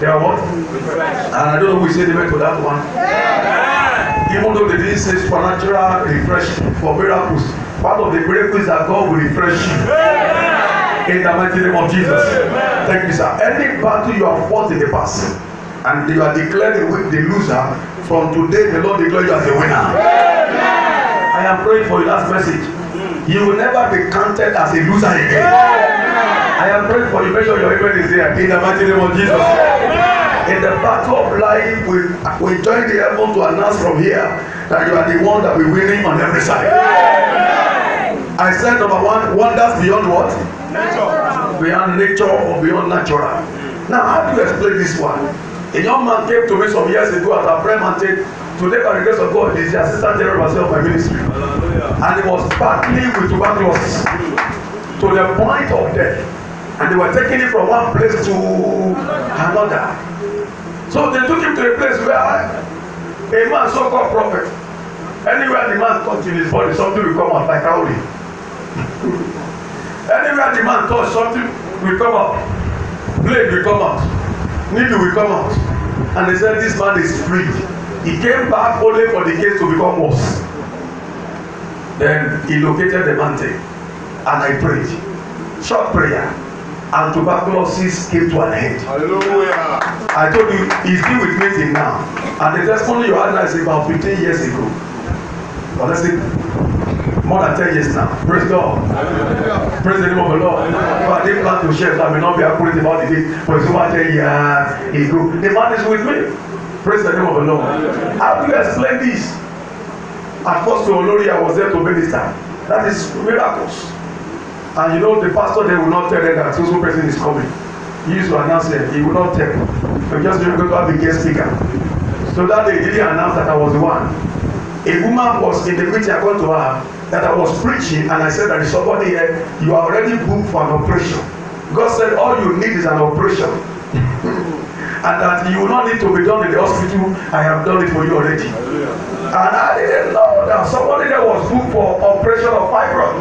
They are what? Refreshed. And I don't know who said amen to that one. Yeah even though the didn't say supernatural refreshing for miracles part of the miracles that God will refresh you Amen. in the mighty name of Jesus Amen. thank you sir any battle you have fought in the past and you are declared the, the loser from today the Lord declare you as the winner Amen. I am praying for you last message you will never be counted as a loser again Amen. I am praying for you make sure your event is there in the mighty name of Jesus. Amen in the battle of life, we, we join the heaven to announce from here that you are the one that will winning on every side. Amen. I said number one, wonders beyond what? Natural. Beyond nature or beyond natural. Now, how do you explain this one? A young man came to me some years ago at a prayer mountain. Today, by the grace of God, is the assistant general overseer of my ministry. Hallelujah. And he was battling with tuberculosis to the point of death and they were taking him from one place to another. So they took him to a place where a man so called prophet anywhere the man touch in his body something will come out like cowry. anywhere the man touch something will come out blade will come out needle will come out and they said this man is free he came back only for the case to become worse then he located the mountain and I prayed short prayer and tuberculosis came to an end. Hallelujah. I told you, he's been with me till now. And the testimony you had now is about 15 years ago. But let's see. More than 10 years now. Praise God. Hallelujah. Praise the name of the Lord. Hallelujah. But I didn't plan to share, so I may not be accurate about the date, but it's over 10 years ago. The man is with me. Praise the name of the Lord. How do you explain this? At first, to Olori, I was there to minister. That is miracles. And you know, the pastor there will not tell them that so so person is coming. He used to announce it, he will not tell. You're just go to have the guest speaker. So that day, he announced that I was the one. A woman was in the meeting, I got to her, that I was preaching, and I said, that somebody here, you are already booked for an operation. God said, All you need is an operation. and that you will not need to be done in the hospital, I have done it for you already. And I didn't know that somebody there was booked for operation of fibroid.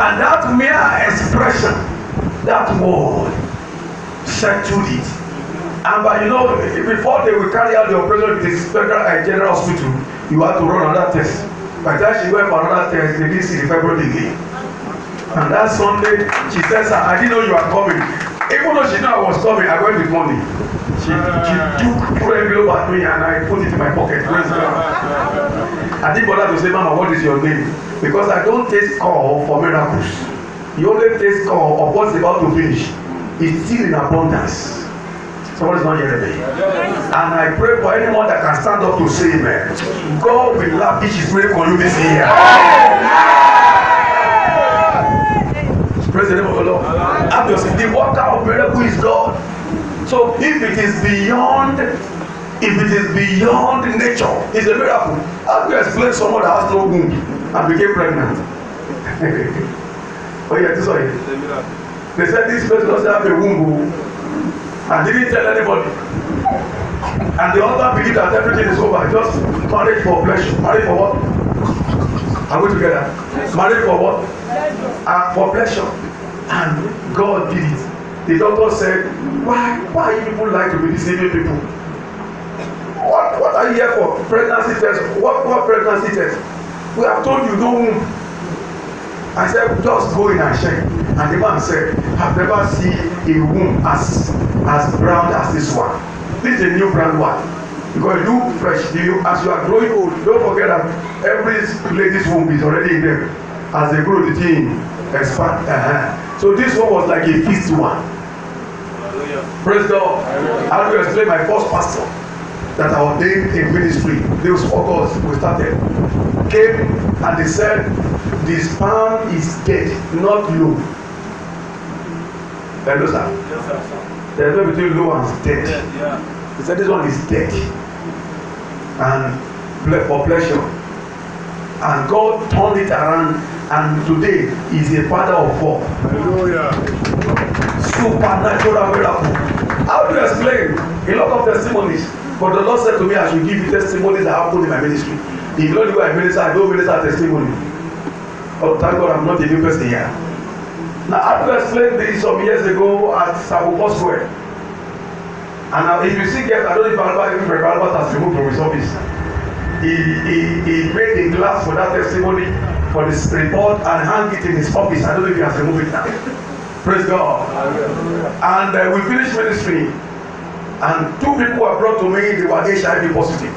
And that mere expression, that word, settled it. And but you know, before they will carry out the operation with the special and uh, general hospital, you have to run another test. By the time she went for another test, they didn't see the fibroid again. And that Sunday, she says, I didn't know you were coming. Even though she knew I was coming, I went with money. She, she took put envelope at me and I put it in my pocket. Praise God. I think God Bola to say, Mama, what is your name? Because I don't taste call for miracles. The only taste call of what's about to finish. is still in abundance. is not hearing me. And I pray for anyone that can stand up to say amen. God will lavish his miracle on you this year. Praise the name of the Lord. Obviously, the worker of miracle is God. So if it is beyond, if it is beyond nature, it's a miracle. How do you explain someone that has no womb and became pregnant? oh yeah, this one. They said this person doesn't have a womb, oh. and didn't tell anybody. And the other believe that everything is over, just marriage for pleasure, marriage for what? Are we together? Marriage for what? And uh, for pleasure. And God did it. The doctor said, why, why are you people like to be deceiving people? What, what are you here for? Pregnancy test. What, what pregnancy test? We have told you no womb. I said, just go in and check. And the man said, I've never seen a womb as as brown as this one. This is a new brand one. Because you fresh, you as you are growing old, don't forget that every lady's womb is already in there. As they grow, the thing expand. Uh-huh. So this one was like a fixed one. Praise God. I want to explain my first pastor that I ordained in ministry. This August we started. Came and they said, This palm is dead, not you. Hello, sir. Yes, sir, There's no between low and dead. dead yeah. He said, This one is dead. And for pleasure. And God turned it around, and today is a father of four. Hallelujah. supernatural miracle. How do you explain? A lot of testimonies. But the Lord said to me, I should give you testimonies that happened in my ministry. If not you are a minister, I don't minister testimony. But thank God I'm not a new person here. Now, how do you explain this some years ago at Sabuko Square. And now, if you see, guys, I don't remember if Albert, if Albert has removed from his office. He, he, he made a glass for that testimony for this report and hang it in his office. I don't know if he has removed it now. Praise God. And uh, we finished ministry, and two people were brought to me, they were HIV positive.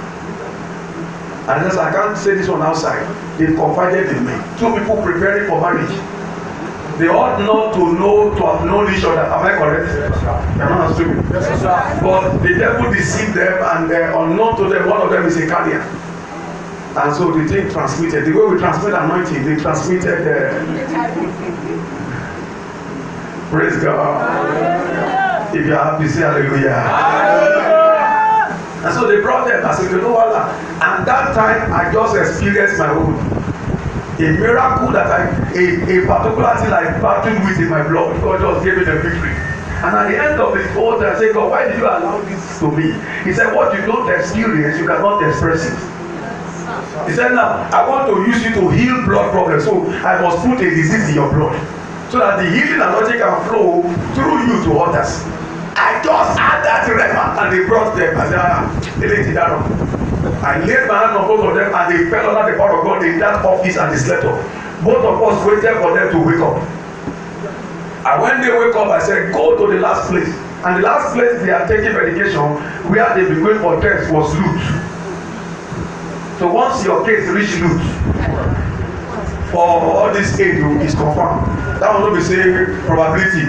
And I said, I can't say this one outside. They confided in me. Two people preparing for marriage. They ought not to know to have known each other. Am I correct? Yes, sir. Am not Yes, sir. But the devil deceived them, and uh, unknown to them, one of them is a carrier. And so the thing transmitted. The way we transmit anointing, they transmitted. Uh, Praise God. If you are happy, say hallelujah. hallelujah. And so they brought them. I said, you know what? And that time I just experienced my own. A miracle that I, a, a particular thing I battled with in my blood, God just gave me the victory. And at the end of his order, I said, God, why did you allow this to me? He said, What you don't experience, you cannot express it. He said, Now, I want to use you to heal blood problems, so I must put a disease in your blood so that the healing anointing can flow through you to others. I just had that reference and they brought them as they laid it down. I laid my hand on both of them and they fell under the power of God in that office and they slept off. Both of us waited for them to wake up. And when they wake up, I said, Go to the last place. And the last place they are taking medication where they been going for tests was loot. So once your case reach loot, for all this aid is confirmed that one no be say probability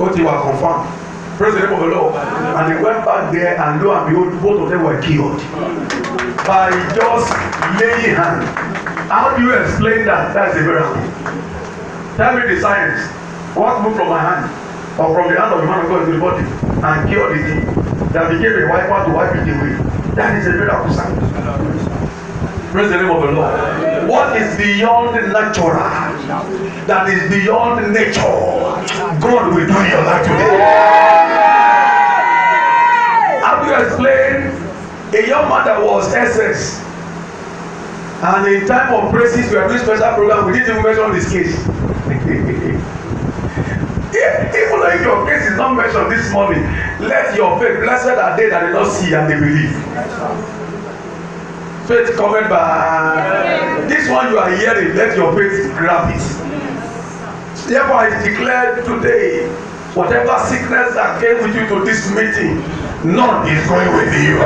ó ti wà confirmed praise the name of the Lord and they went back there and lo and behold both of them were killed by just laying hand how do you explain that that is a miracle tell me the science what move from my hand or from the hand of the man of God to the body and cure the thing that became a wiper to wipe it away that is a miracle science. Praise the name of the Lord. What is beyond natural, that is beyond nature, God will do in your life today. Have you explained? A young man that was SS, and in time of praises, we are doing special program. We didn't even mention this case. even though your case is not mentioned this morning let your faith blessed are they that they don see and they believe faith covered by this one you are hearing let your faith grab it therefore i declare today whatever sickness that came with you to this meeting none is going with you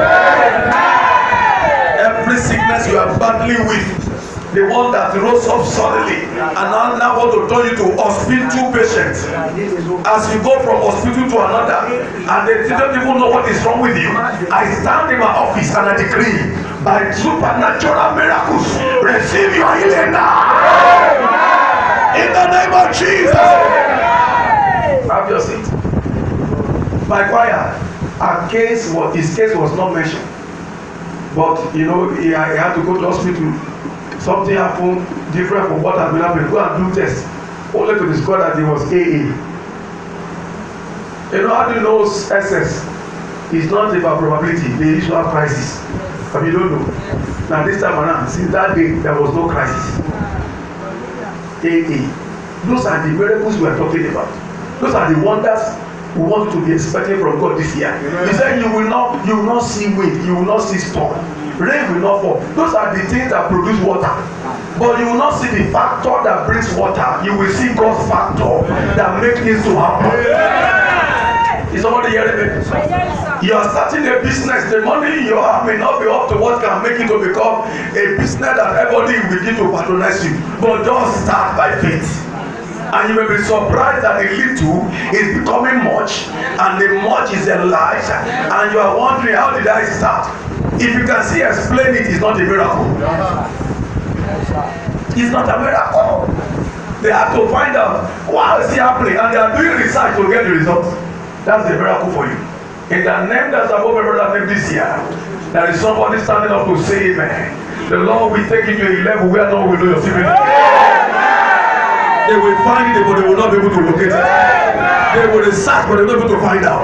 every sickness you are battling with the one that rose up suddenly and now now want to turn you to hospital patient as you go from hospital to another and they don't even know what is wrong with you i stand in my office and i declare by supernatural miracles. Receive your healing now. In the name of Jesus. Have your seat. My choir, her case was, his case was not mentioned. But you know, he, he had to go to hospital. Something happened different from what had been happening. Go and do tests. Only to discover that he was AA. You know, how do you know SS? It's not about probability. They usually have crisis but you don't know na this time around since that day there was no crisis aa those are the miracles we are talking about those are the wonders we want to be expecting from God this year he said you will not you will not see wind you will not see storm rain will not fall those are the things that produce water but you will not see the factor that brings water you will see God's factor that make things to happen yeah. is somebody hearing me you are starting a business the money you have may not be up to what can make it to become a business that everybody will need to patronize you but just start by faith and you may be surprised that the little is becoming much and the much is enlarged and you are wondering how did i start if you can see explain it is not a miracle it's not a miracle they have to find out why is it happening and they are doing research to get the result that's a miracle for you In the name that's above every other name this year, there is somebody standing up to say amen. The Lord will take you to a level where no one will know your secret. They will find it, but they will not be able to locate it. They will search, but they will not be able to find out.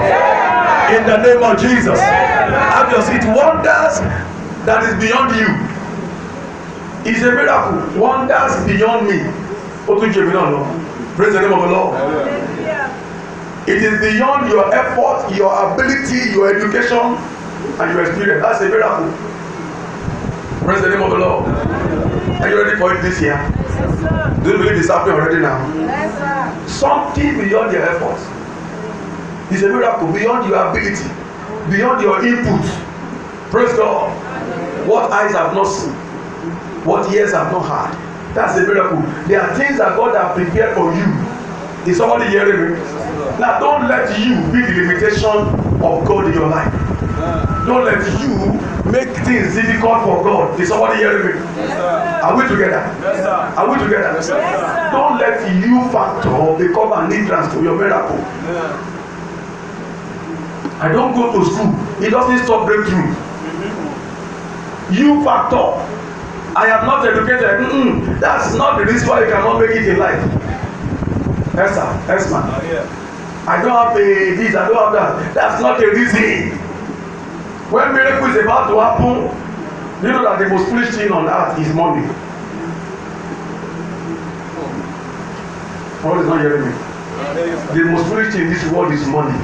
In the name of Jesus, have your seat. Wonders that is beyond you is a miracle. Wonders beyond me. O tún jẹ mi náà Praise the name of the Lord. Amen it is beyond your effort your ability your education and your experience that's a miracle praise the name of the lord are you ready for it this year yes, do you believe it's happening already now yes, something beyond your effort is a miracle beyond your ability beyond your input praise god what eyes have not seen what ears have not heard that's a miracle there are things that god has prepared for you is somebody hearing me. Now, don't let you be the limitation of God in your life. Don't let you make things difficult for God. Is somebody hearing me? Yes, Are we together? Yes, Are we together? Yes, don't let you factor become an entrance to your miracle. Yeah. I don't go to school. It doesn't stop breakthrough. Mm-hmm. You factor. I am not educated. Mm -mm. That's not the reason why you cannot make it in life. Yes, sir. Yes, ma'am. Uh, yeah. I don't have a, this, I don't have that. That's not a reason. When miracle is about to happen, you know that the most foolish thing on earth is money. God is not hearing me. The most foolish thing in this world is money.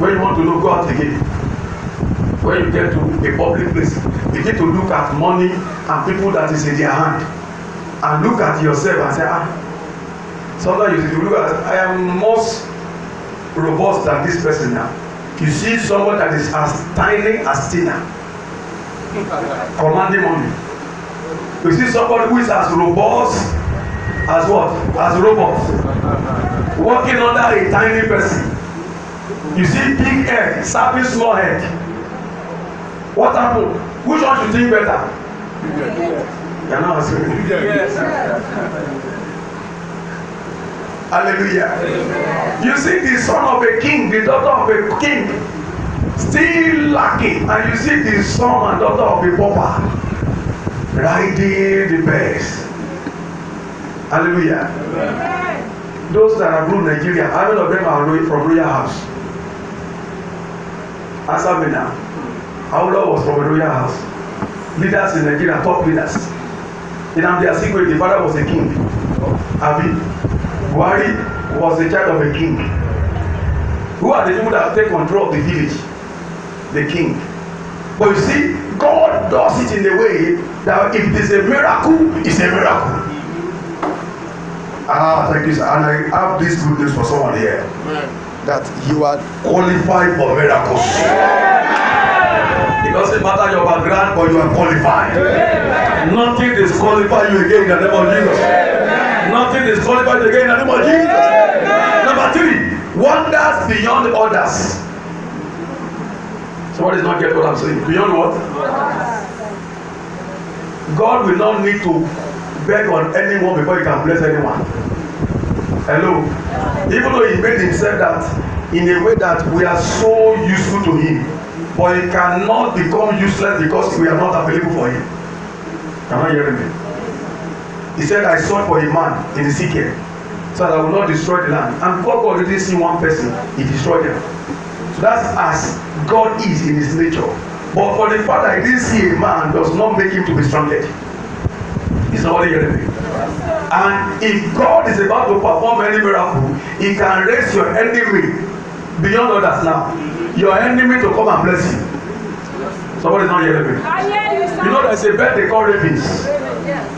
When you want to know, go out again. When you get to a public place, begin to look at money and people that is in their hand. And look at yourself and say, ah. Sometimes you look at, I am most robust than this person now you see someone that is as tiny as Tina commanding money you see someone who is as robust as what as robust working under a tiny person you see big head serving small head what happen which one you think better you are not answering. Hallelujah. You see the son of a king, the daughter of a king, still lacking. And you see the son and daughter of a pauper riding the best. Hallelujah. Amen. Those that are ruled Nigeria, how many of them are from royal house? Asabina. Aula was from a royal house. Leaders in Nigeria, top leaders. In their secret, the father was a king. Abi. Buhari was the child of a king. Who are the people that take control of the village? The king. But you see, God does it in a way that if there's a miracle, it's a miracle. Ah, thank you, sir. And I have this good news for someone here. Amen. That you are qualified for miracles. Yeah. It doesn't matter your background, but you are qualified. Yeah. Nothing disqualifies you again in the name of Jesus. Yeah. Nothing is qualified again in the name of Jesus. Number three, wonders beyond orders. Somebody is not get what I'm saying. Beyond what? God will not need to beg on anyone before he can bless anyone. Hello. Even though he made himself that in a way that we are so useful to him, but he cannot become useless because we are not available for him. Am I hearing me? He said, I sought for a man in the city, so that I would not destroy the land. And God already see one person, he destroyed them. So that's as God is in his nature. But for the fact that he didn't see a man does not make him to be stranded. It's not hearing me. And if God is about to perform any miracle, he can raise your enemy beyond others now. Your enemy to come and bless you. Somebody's not hearing me. You know there's a bed they call ravens.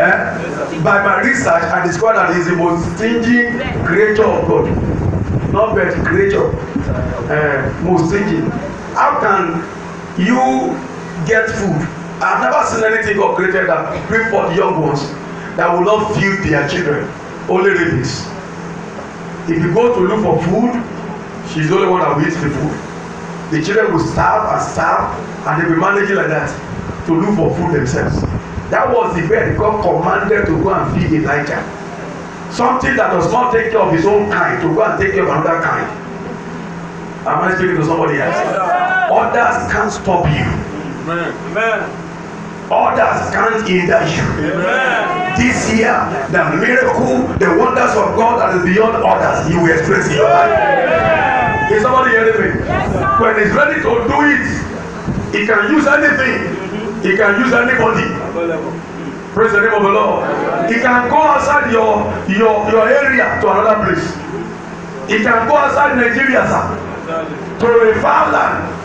eh, by my research I discovered that he is the most stingy creature of God not best creature uh, most stingy how can you get food I have never seen anything God created that bring the young ones that will not feed their children only rabies if you go to look for food she is the only one that will eat the food the children go starve and starve and they be managing like that to look for food themselves. That was the bed God commanded to go and feed Elijah. Something that does not take care of his own kind to go and take care of another kind. Am I speaking to somebody else? Yes, Others can't stop you. Amen. Amen others can't hinder you. Amen. This year, the miracle, the wonders of God that is beyond others, you will experience in your life. Is somebody hearing me? Yes, when he's ready to do it, he can use anything He can use anybody. Praise the name of the Lord. He can go outside your your your area to another place. He can go outside Nigeria, sir, to a far land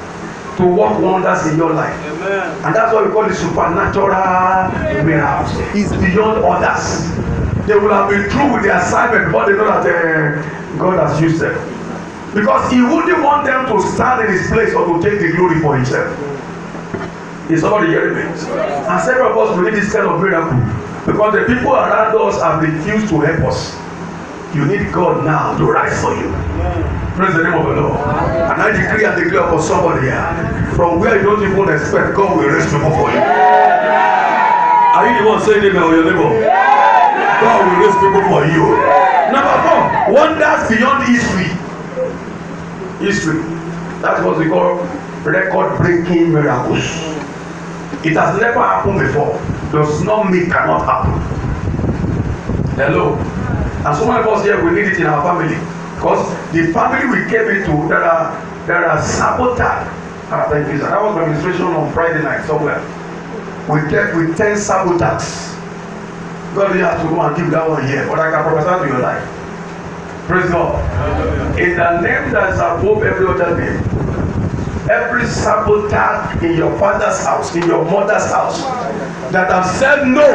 to work wonders in your life. Amen. And that's what we call the supernatural miracles. It's beyond others. They will have been through with their assignment but they know that uh, God has used them. Because He wouldn't want them to stand in His place or to take the glory for Himself. Amen. Is somebody the elements, And several of us believe this kind of miracle because the people around us have refused to help us. You need God now to rise for you. Praise the name of the Lord. And I decree and declare for somebody here from where you don't even expect, God will raise people for you. Are you the one saying amen or your neighbor? God will raise people for you. Number four, wonders beyond history. History. That's what we call record breaking miracles. It has never happened before. Does not mean cannot happen. Hello. And so many of us here we need it in our family because the family we came into there are there are saboteurs. Ah, thank you, sir. That was my administration on Friday night somewhere. We kept with ten saboteurs. God really have to go and give that one here, but I can prophesy to your life. Praise God. In the name that is above every other name every sabotage in your father's house, in your mother's house, that have said no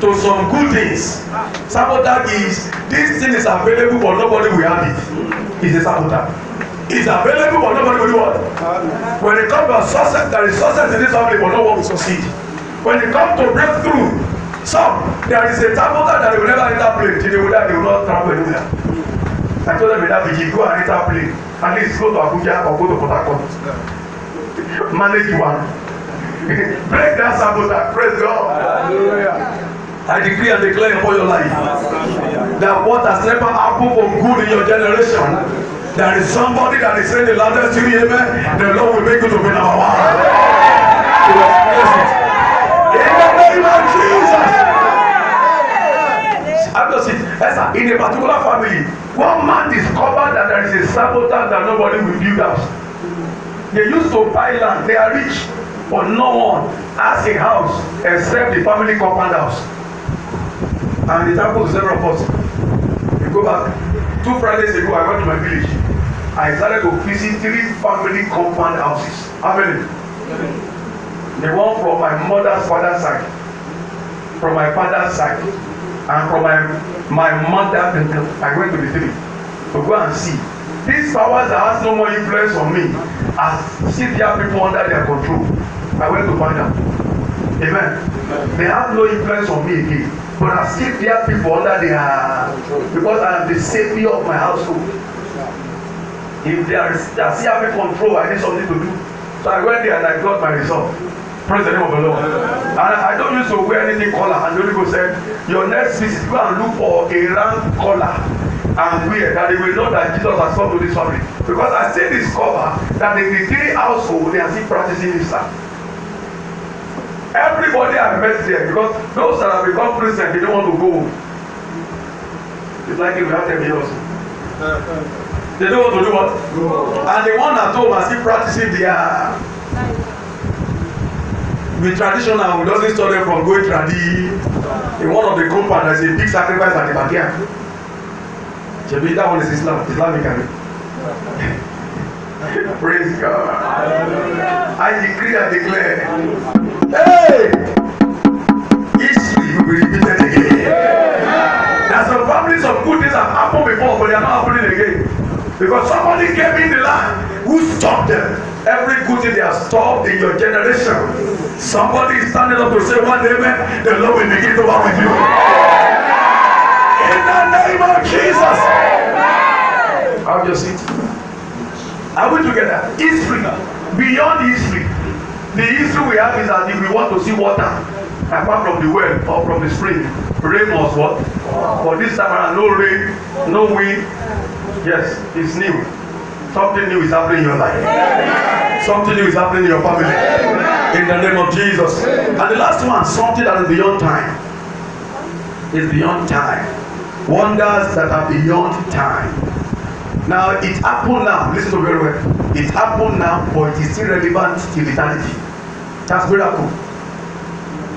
to some good things. Sabotage is this thing is available but nobody will have it. Is a sabotage. Is available but nobody will want. When it comes to success, there is success in this family but no one will succeed. When it come to breakthrough, some there is a sabotage that they will never enter plane till they will die will not travel anywhere. I told them in that video go and enter plane at least go to Abuja or go to Port Harcourt manage one break that sabotage praise God hallelujah. I decree and declare for your life that what has never happened for good in your generation there is somebody that is saying the loudest to me amen the Lord will make you to be number one. In the name of Jesus. I'm just saying, in a particular family, one man discovered that there is a sabotage that nobody will build house they used to buy land they are rich but no one has a house except the family compound house and it happen to several of us we go back two fridays ago i went to my village i started to visit three family compound houses how many the one from my mother's father side from my father's side and from my my mother until I went to the city to go and see these powers that has no more influence on me as Scythia people under their control I went to find out amen they have no influence on me again but as Scythia people under their because I am the safety of my household if they are they are still having control I need something to do so I went there and I got my result Praise the name of the Lord. And I don't use to wear anything collar. And the Holy Ghost said, Your next visit, go and look for a round collar and wear that they will know that Jesus has come to this family. Because I still discover that in the three household, they are still practicing this Islam. Everybody I met there, because those that have become Christians, they don't want to go home. It's like if you have them here They don't want to do what? And the one at home are still practicing their be traditional we doesn't stop them from going tradi in one of the compound there is a big sacrifice at the backyard shebi that one is islam islamic i mean praise god i decree and declare hey history will be repeated again there are some families of good things have happen before but they are not happening again. Because somebody gave me the line. Who stopped them? Every good thing they have stopped in your generation. Somebody is standing up to say one day, man, the Lord will begin to work with you. In the name of Jesus. Have your seat. Are we together? History Beyond history. The history we have is that if we want to see water, apart from the well or from the spring, rain was what? For this time around, no rain, no wind, Yes, it's new. Something new is happening in your life. Amen. Something new is happening in your family. Amen. In the name of Jesus. Amen. And the last one, something that is beyond time. Is beyond time. Wonders that are beyond time. Now it happened now. Listen to very well. It happened now, but it is still relevant till eternity. That's miracle.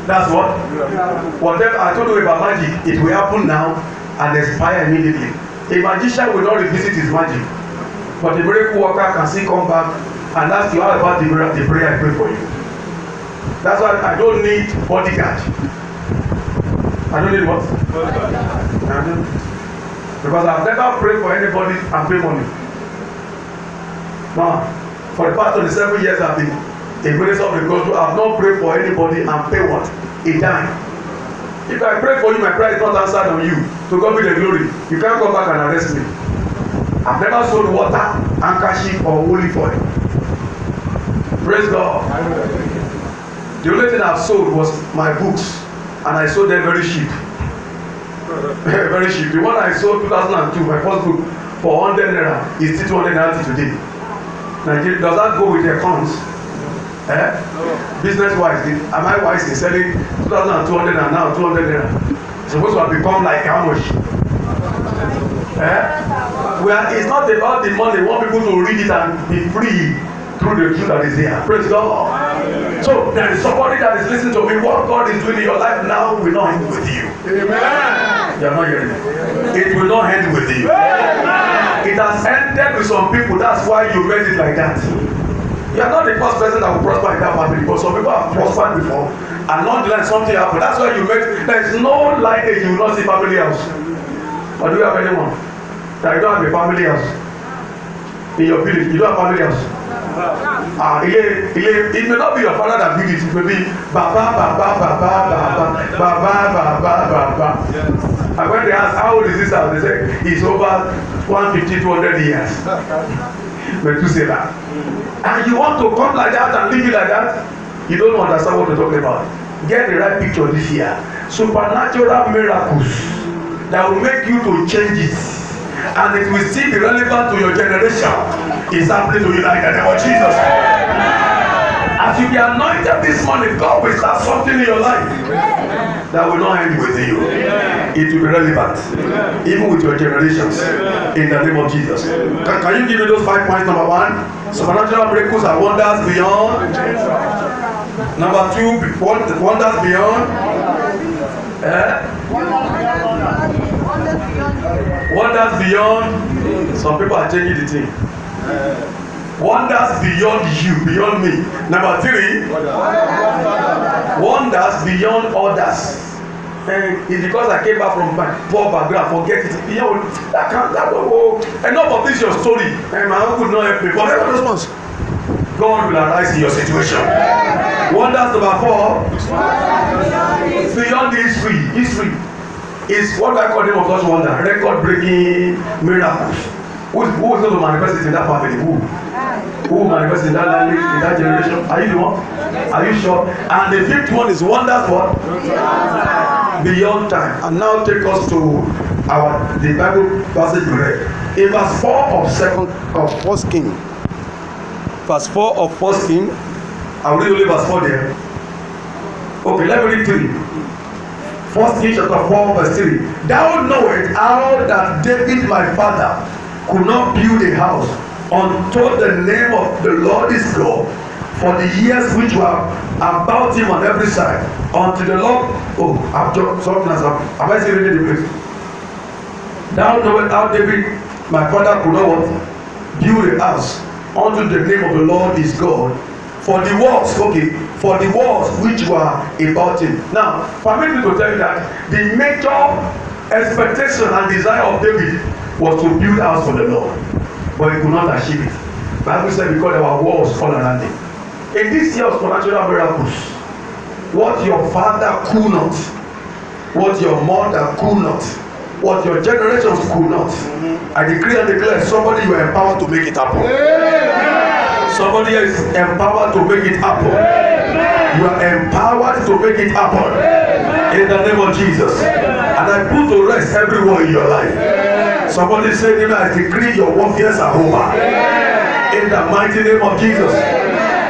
That's what? Yeah. Whatever I told you about magic, it will happen now and expire immediately. A magician will not revisit his magic, but a miracle worker can still come back and ask you how about the, the prayer I pray for you. That's why I don't need bodyguard. I don't need what? Bodyguard. I because I've never prayed for anybody and pay money. Now, for the past 27 years I've been a minister of the gospel, I've not prayed for anybody and pay what? A dime. If I pray for you, my prayer is not answered on you. To God be the glory. You can't come back and arrest me. I've never sold water, handkerchief, or holy oil. Praise God. The only thing I sold was my books, and I sold them very cheap. very cheap. The one I sold 2002, my first book, for 100 naira is still 200 naira today. Nigeria, does that go with the funds? Eh? No. Business wise, am I wise in selling 2,200 and now 200 naira? supposed to have become like how Eh? Well, it's not about the money. We want people to read it and be free through the truth that is here. Praise God. So there is somebody that is listening to me. What God is doing in your life now will not end with you. Amen. You are not hearing me. It will not end with you. Amen. It has ended with some people. That's why you read it like that. You are not the first person that will prosper in that family, but some people have prospered before along the line something happen that's why you met. there is no light age you no see family house or do you have anyone that you don't have a family house in your village you don't have family house ah ilé ilé it may not be your father that did it it may be baba baba baba baba baba baba baba and when they ask how old is this house they say it's over one fifty two hundred years that? and you want to come like that and live like that. You don't understand what we're talking about. Get the right picture this year. Supernatural miracles that will make you to change it and it will still be relevant to your generation is happening to you like that. Oh, Jesus. As you be anointed this morning, God will start something in your life that will not end with you. It will be relevant, even with your generations, in the name of Jesus. Can, can you give me those five points? Number one, supernatural miracles and wonders beyond Number two, wonders beyond. Eh? Wonders beyond. Some people are changing the thing. Wonders beyond you, beyond me. Number three, wonders beyond others. And eh, it's because I came back from my poor background, forget it. You know, that can't, that don't, oh, enough of this your story. And eh, my uncle not help me. But everyone response. God will arise in your situation. Yeah. Wonders number four. Beyond history, history is what I call the name of such wonder, record-breaking miracles. Who is who is going to manifest it in that family? Who? Who will manifest in that language, in that generation? Are you the one? Are you sure? And the fifth one is wonders for Beyond time. And now take us to our the Bible passage we read. In verse four of second of First King. Verse four of First King I will read only verse 4 there. Okay, let me read 3. First Kings chapter 4, verse 3. Thou knowest how that David my father could not build a house until the name of the Lord is God for the years which were about him on every side until the Lord oh I've just something has happened have I still reading the place thou knowest how David my father could not build a house until the name of the Lord is God for the words okay for the words which were about him now permit me to tell you that the major expectation and desire of David was to build house for the Lord but he could not achieve it Bible said because there were walls all around him in this year of supernatural miracles what your father could not what your mother could not what your generations could not I declare declare somebody you are empowered to make it happen. Yeah. Somebody is empowered to make it happen. You are empowered to make it happen. In the name of Jesus. And I put to rest everyone in your life. Somebody said, you know, I decree your warfares are over. In the mighty name of Jesus.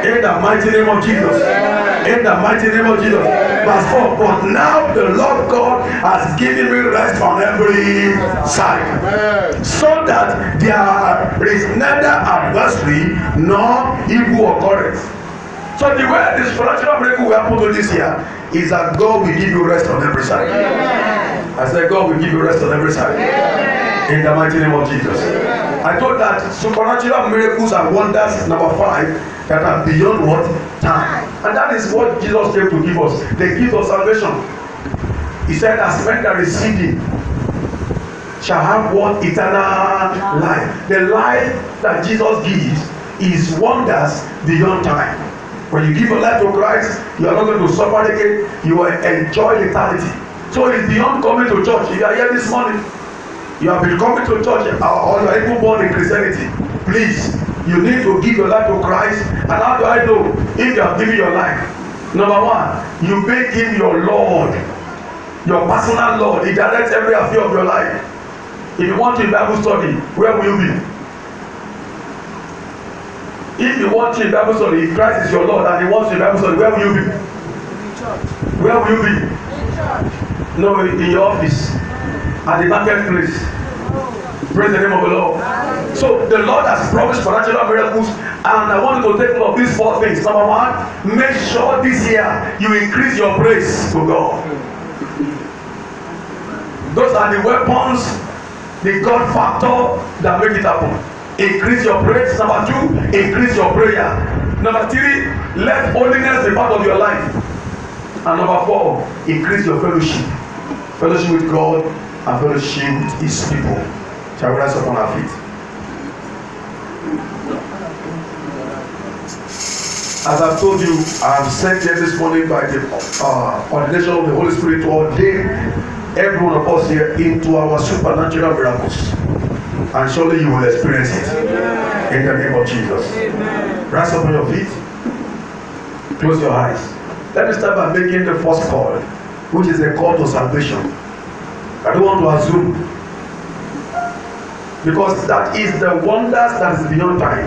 In the mighty name of Jesus. in the mighty name of Jesus. Verse 4 But now the Lord God has given me rest on every side, so that there is neither adversity nor evil occurrence. So the way this supernatural miracle will happen to this year is that God will give you rest on every side. Amen. I said God will give you rest on every side. Amen. In the mighty name of Jesus. Amen. I thought that supernatural miracles and wonders number five that are beyond what time. And that is what Jesus came to give us the gift of salvation. He said, As men that receive him shall have one eternal life. The life that Jesus gives is wonders beyond time. When you give your life to Christ, you are not going to suffer again, you will enjoy eternity. So it's beyond coming to church. If you are here this morning, you have been coming to church or you are even born in Christianity please you need to give your life to Christ and how do I know if you have given your life number one you make him your Lord your personal Lord he directs every affair of your life if you want to Bible study where will you be if you want to bible study if christ is your lord and he wants you bible study where will you be where will you be no in your office at the market place. Praise the name of the Lord. So the Lord has promised financial miracles, and I want you to take note of these four things. Number one, make sure this year you increase your praise to God. Those are the weapons, the God factor that make it happen. Increase your praise. Number two, increase your prayer. Number three, let holiness be part of your life. And number four, increase your fellowship. Fellowship with God and shield his people. Shall we rise upon our feet? As I've told you, I'm sent here this morning by the uh, ordination of the Holy Spirit to ordain every one of us here into our supernatural miracles. And surely you will experience it. Amen. In the name of Jesus. Amen. Rise up on your feet. Close your eyes. Let me start by making the first call, which is a call to salvation. I don't want to assume because that is the wonders that is beyond time.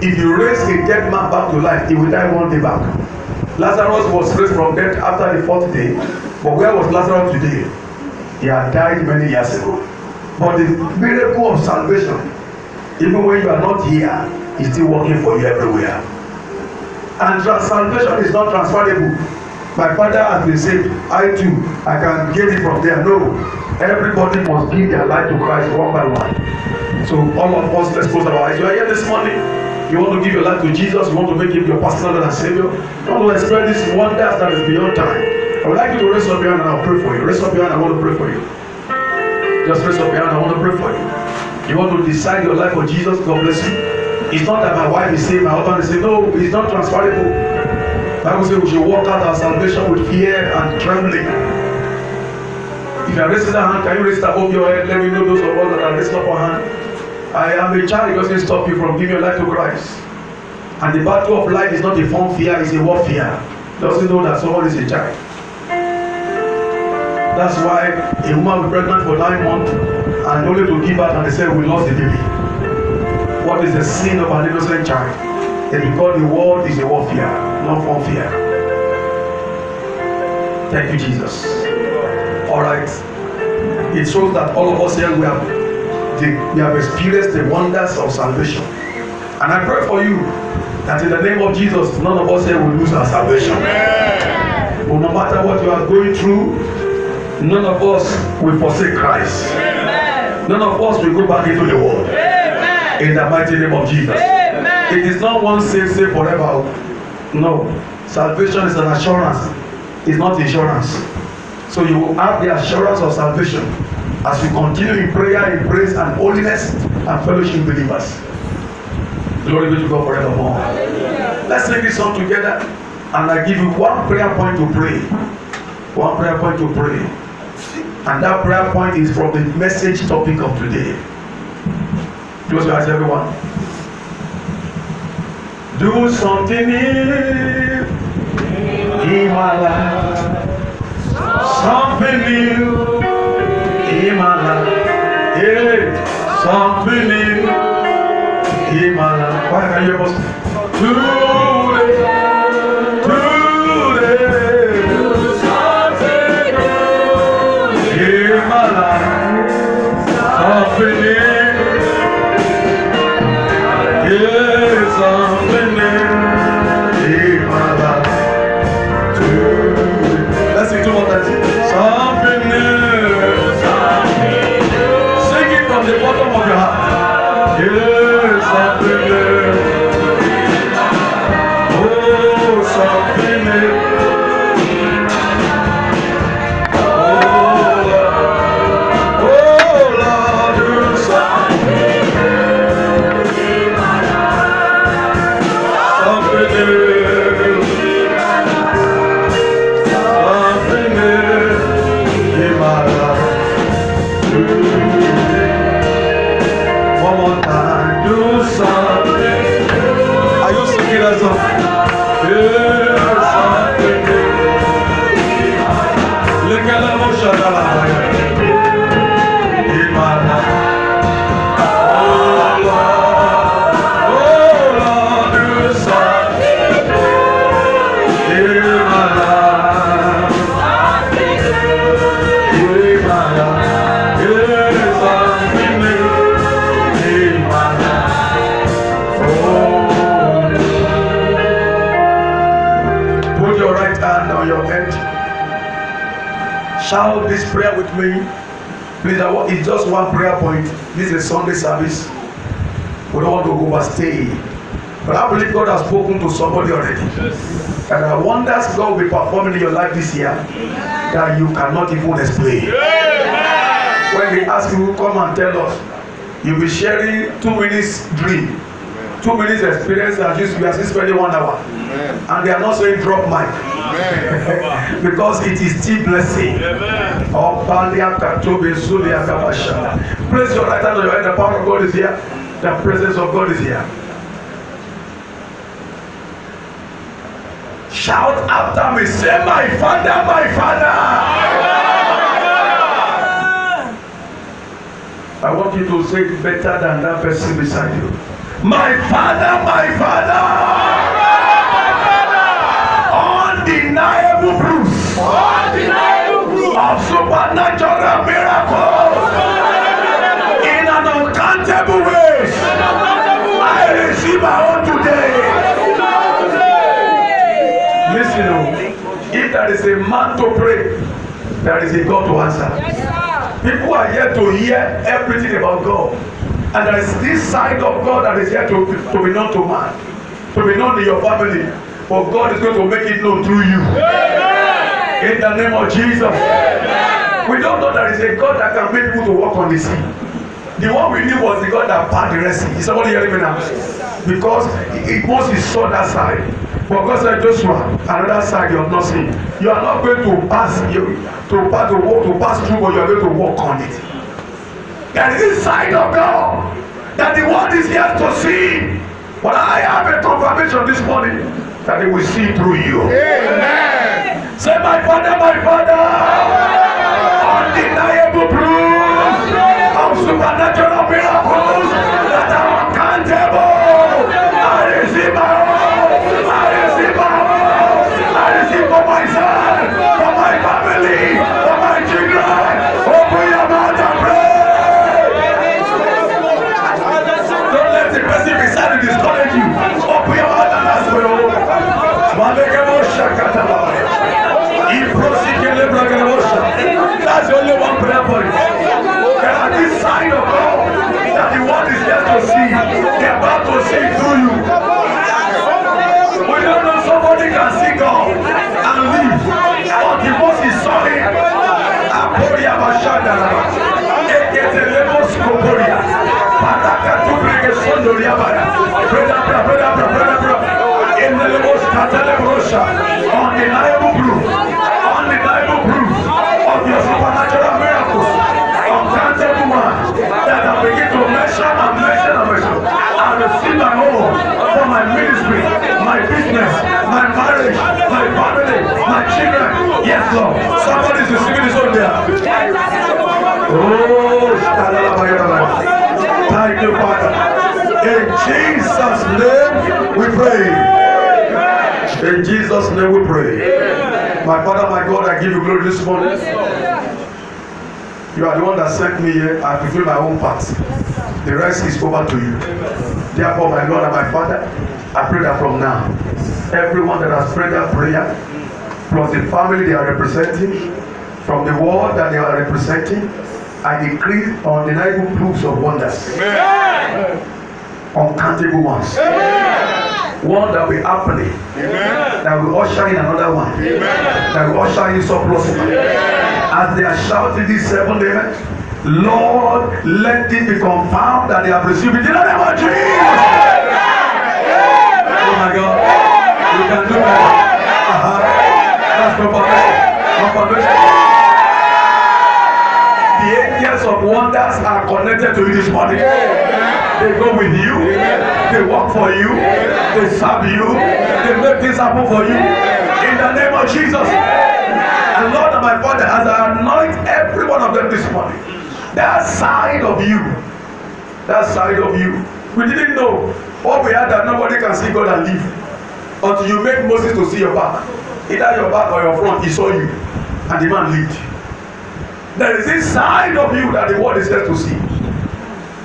If you raise a dead man back to life, he will die one day back. Lazarus was raised from death after the fourth day, but where was Lazarus today? He had died many years ago. But the miracle of salvation, even when you are not here, is still working for you everywhere. And trans salvation is not transferable. My father has been saved. I too, I can get it from there. No, Everybody must give their life to Christ one by one. So all of us, let's close our eyes. You are here this morning. You want to give your life to Jesus. You want to make him your personal and savior. You want to experience this wonder that is beyond time. I would like you to raise up your hand and I'll pray for you. Raise up your hand. I want to pray for you. Just raise up your hand. I want to pray for you. You want to decide your life for Jesus. God bless you. It's not that my wife is saved, my husband is saved. No, it's not transferable. Bible says we should walk out our salvation with fear and trembling. If you are raising that hand, can you raise that above your head? Let me know those of us that are raising up our hand. I am a child, it doesn't stop you from giving your life to Christ. And the battle of life is not a form fear, it's a fear. Doesn't know that someone is a child. That's why a woman was pregnant for nine months and only to give birth and they said, We lost the baby. What is the sin of an innocent child? It's because the world is a war fear, not fear. Thank you, Jesus. all right. It shows that all of us here we have the, we have experienced the wonders of salvation. And I pray for you that in the name of Jesus, none of us here will lose our salvation. Amen. But no matter what you are going through, none of us will forsake Christ. Amen. None of us will go back into the world. Amen. In the mighty name of Jesus. Amen. It is not one save, save forever. No. Salvation is an assurance, it's not insurance. So you will have the assurance of salvation as you continue in prayer, in praise, and holiness and fellowship believers. Glory be to God forevermore. Let's sing this song together, and I give you one prayer point to pray. One prayer point to pray. And that prayer point is from the message topic of today. Close your eyes, everyone. Do something new in my life. something new. In my life, yeah, something new. In my life, why are you both to? this prayer with me please it's just one prayer point this is sunday service we don't want to overstay but i believe god has spoken to somebody already yes. and i wonder if god will be performing in your life this year that you cannot even explain yeah. when He ask you come and tell us you be sharing two minutes dream two minutes experience and you you are still spending one hour Amen. and they are not saying drop mic because it is still blessing. Amen. Praise your right hand on your head. The power of God is here. The presence of God is here. Shout after me. Say, My Father, my Father. I want you to say it better than that person beside you. My Father, my Father. Undeniable proof of supernatural miracles in an uncountable ways. I receive my own today. Listen, oh. if there is a man to pray, there is a God to answer. People are yet to hear everything about God. And there is this side of God that is yet to, to be known to man, to be known in your family. But God is going to make it known through you. Amen. In the name of Jesus. Amen. We don't know that there is a God that can make people to walk on the sea. The one we knew was the God that parted the rest. Sea. Is somebody hearing me now? Because it Moses saw that side. But God said, Joshua, another side you have not seen. You are not going to pass you to pass to walk to pass through, but you are going to walk on it. There is this side of God that the world is yet to see. But I have a confirmation this morning that it will see through you. Amen. Amen. Say, my father, my father. Undeniable proof of supernatural miracles. obey God and live. All the Moses saw him. Aboria Bashada. Eketelemos Koboria. Pataka Tubreke Sondoriabara. Brother, brother, brother, brother, brother. In the Lemos Catalebrosha. Undeniable proof. Undeniable proof of your supernatural miracles. Uncountable ones that I begin to measure and measure and measure. I receive my own for my ministry, my business, my marriage, my family, my children. Yes, Lord. Somebody is receiving this one there. Oh, thank you, Father. In Jesus' name we pray. In Jesus' name we pray. My Father, my God, I give you glory this morning. You are the one that sent me here. I fulfill my own part. The rest is over to you. Therefore, my Lord and my Father, I pray that from now, everyone that has prayed that prayer, from the family they are representing, from the world that they are representing, I decree undeniable proofs of wonders. Amen. Uncountable ones. Amen. One that will happen. Amen. That will usher in another one. Amen. That will usher in surplus. Amen. As they are shouting this seven amen. Lord, let it be confirmed that they have received it in the name of Jesus. Amen. Oh my God. Amen. You can do that. Uh-huh. That's confirmation. Confirmation. The angels of wonders are connected to you this morning. They go with you. They work for you. They serve you. They make things happen for you. In the name of Jesus. And Lord and my Father, as I anoint every one of them this morning. that side of you that side of you we didn't know what we had that nobody can see God and live until you make Moses to see your back either your back or your front he saw you and the man lived there is this side of you that the world is yet to see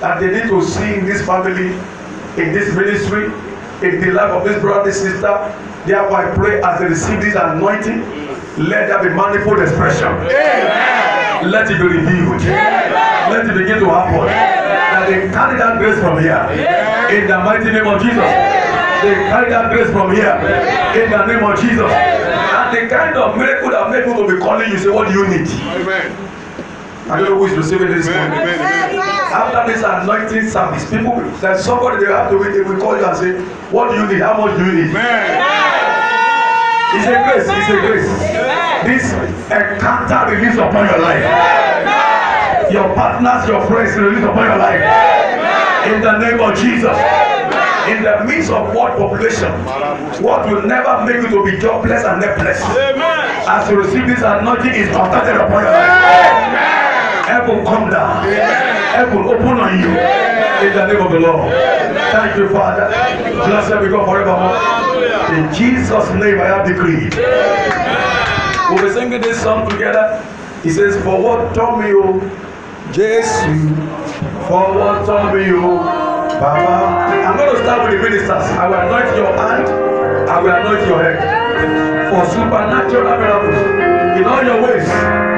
that they need to see in this family in this ministry in the life of this brother this sister therefore I pray as they receive this anointing let there be manifold expression. Amen. Amen. Let it be revealed. Let it begin to happen. That they carry that grace from here. In the mighty name of Jesus. They carry that grace from here. In the name of Jesus. And the kind of miracle that made people be calling you say, What do you need? Amen. I don't know who is receiving this morning. After this anointing service, people, there's somebody they have to wait, they will call you and say, What do you need? How much do you need? Amen. It's a grace. It's a grace. This encounter release upon your life. Your partners, your friends release upon your life. In the name of Jesus. In the midst of what population, what will never make you to be jobless and helpless. As you receive this anointing, is contacted upon your life. Amen. Heaven come down. Heaven open on you. In the name of the Lord. Thank you, Father. Blessed be God forevermore. In Jesus' name I have decreed. We'll be singing this song together. He says, For what told me you, Jesus, for what told me you, Baba. I'm going to start with the ministers. I will anoint your hand, I will anoint your head for supernatural miracles in all your ways.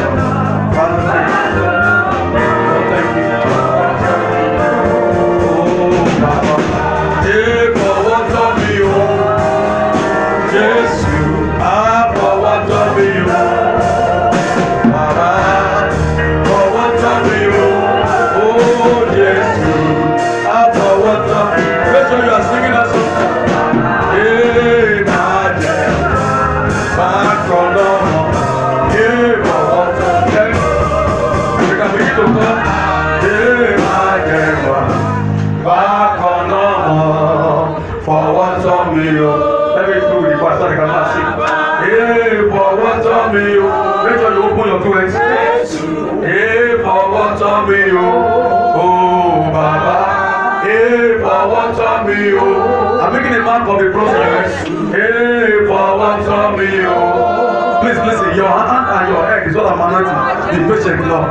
the process. Hey, for what of me, Please listen, your hand and your head is what I'm anointing. The patient, Lord.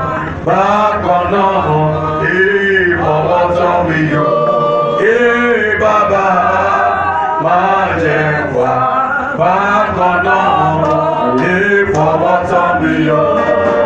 Back on now. Hey, for what of me, oh. Hey, Baba. Má jẹ́ Back on now. Hey, for what of me, oh.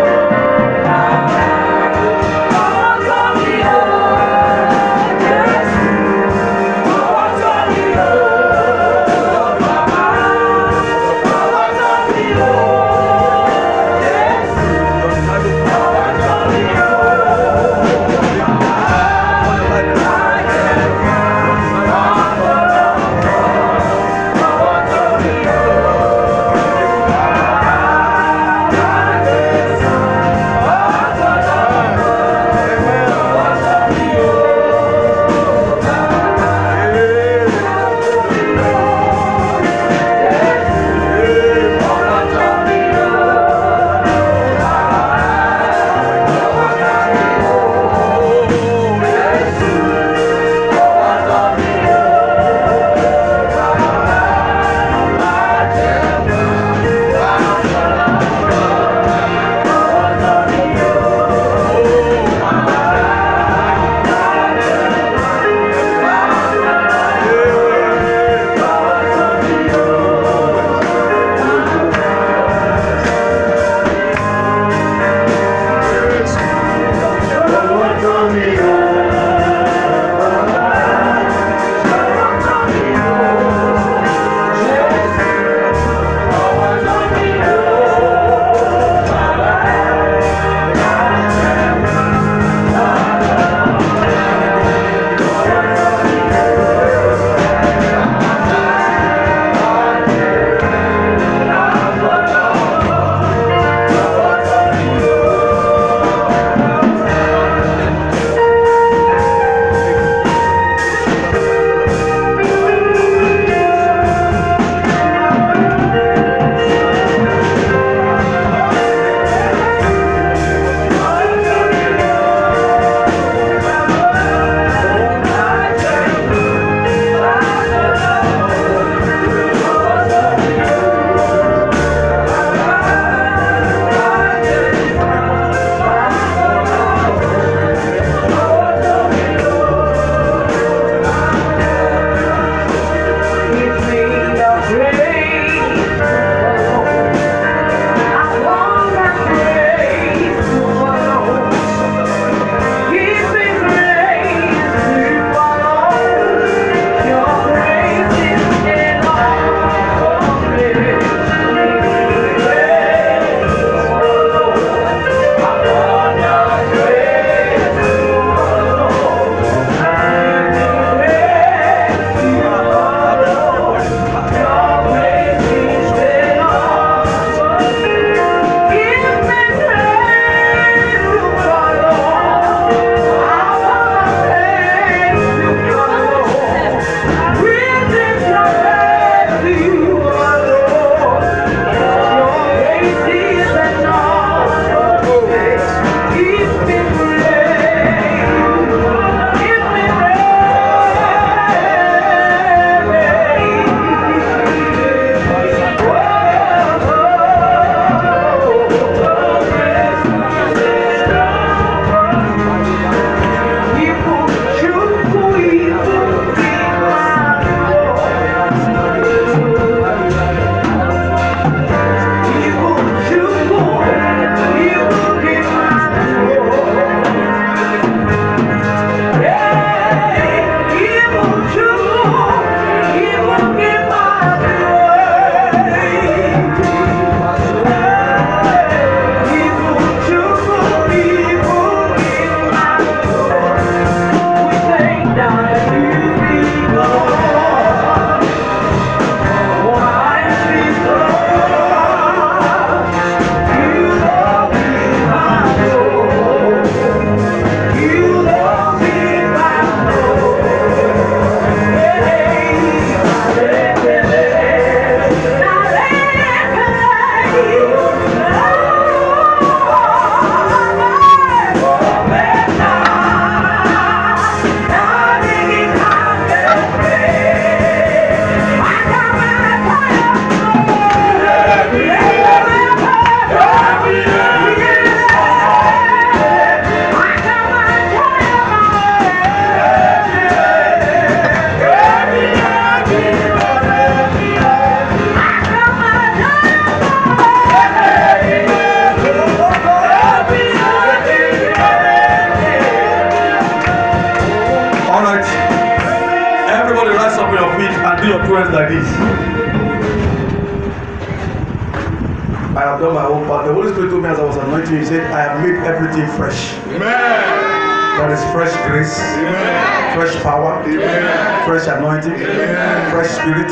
I have done my own part. The Holy Spirit told me as I was anointing, He said, I have made everything fresh. Amen. That is fresh grace, Amen. fresh power, Amen. fresh anointing, Amen. fresh spirit,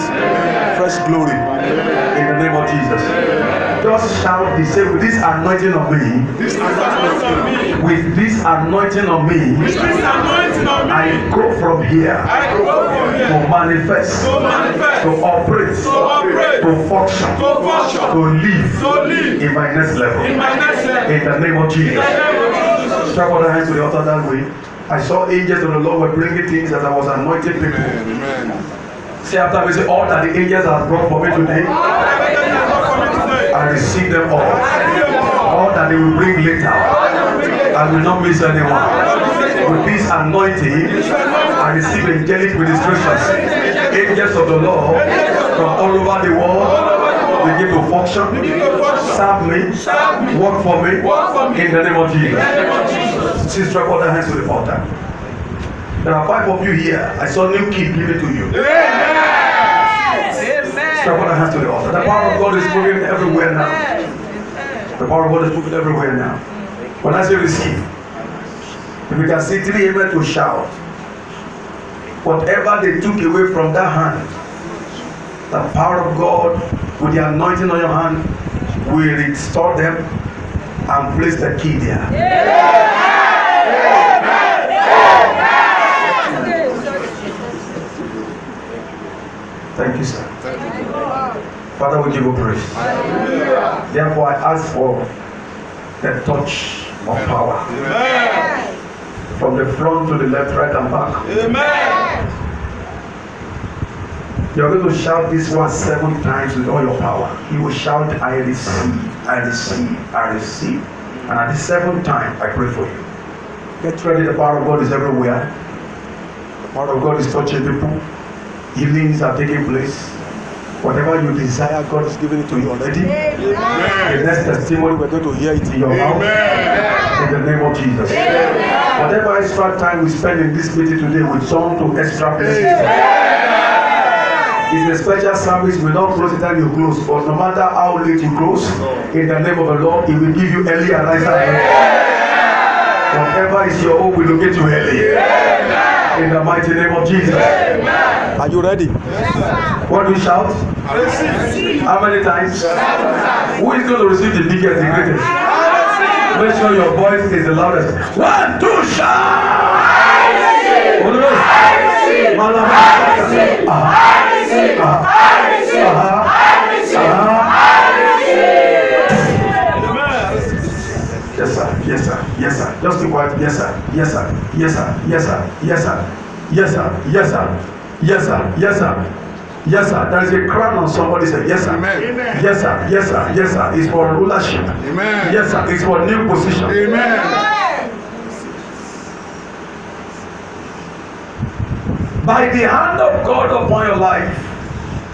fresh glory. In the name of Jesus. Just shout the same with this anointing of me. This anointing of me. With this anointing of me. With this anointing of me. I go from here. I go to manifest, to, manifest, to operate, to, operate, to function, to, function, to, live, to live in my next level. In, my next level. in the name of Jesus. Strap out the hands to the altar that way. I saw angels of the Lord were bringing things as I was anointing people. Amen. Amen. See, after we say all that the angels have brought for me today, I receive them all. All that they will bring later. I will not miss anyone. With this anointing, I receive angelic ministrations, angels of the Lord from all over the world begin to function, serve me, work for me, in the name of Jesus. Since drop all the hands to the altar. There are five of you here. I saw new key given to you. Strap all the hands to the altar. The power of God is moving everywhere now. The power of God is moving everywhere now. When I say receive, if can see three able to shout. Whatever they took away from that hand, the power of God with the anointing on your hand will restore them and place the key there. Amen. Amen. Thank you, sir. Father, we give you praise. Therefore, I ask for the touch of power. Amen from the front to the left, right, and back. Amen. You're going to shout this one seven times with all your power. You will shout, I receive, I receive, I receive. And at the seventh time, I pray for you. Get ready, the power of God is everywhere. The power of God is touching people. Healings are taking place. Whatever you desire, God is giving it to you already. Amen. The next testimony, we're going to hear it in your Amen. mouth. In the name of Jesus. Amen. Whatever extra time we spend in this meeting today will turn to extra blessings. It's a special service. We don't close it you close, but no matter how late you close, oh. in the name of the Lord, He will give you early and nice Whatever is your own, we locate you early. In the mighty name of Jesus. Are you ready? Yes, what do you shout? Receive. How many times? Yes, Who is going to receive the biggest, the greatest? Make sure your voice is the loudest. One, two, shout! I receive! I receive! I receive! I receive! I receive! I receive! I receive! Yes, sir. Yes, sir. Yes, sir. Just keep quiet. Yes, sir. Yes, sir. Yes, sir. Yes, sir. Yes, sir. Yes, sir. Yes, sir. Yes, sir. Yes, sir. Yes, sir. There is a crown on somebody's head. Yes, sir. Amen. Yes, sir. Yes, sir. Yes, sir. It's for rulership. Amen. Yes, sir. It's for new position. Amen. By the hand of God upon your life,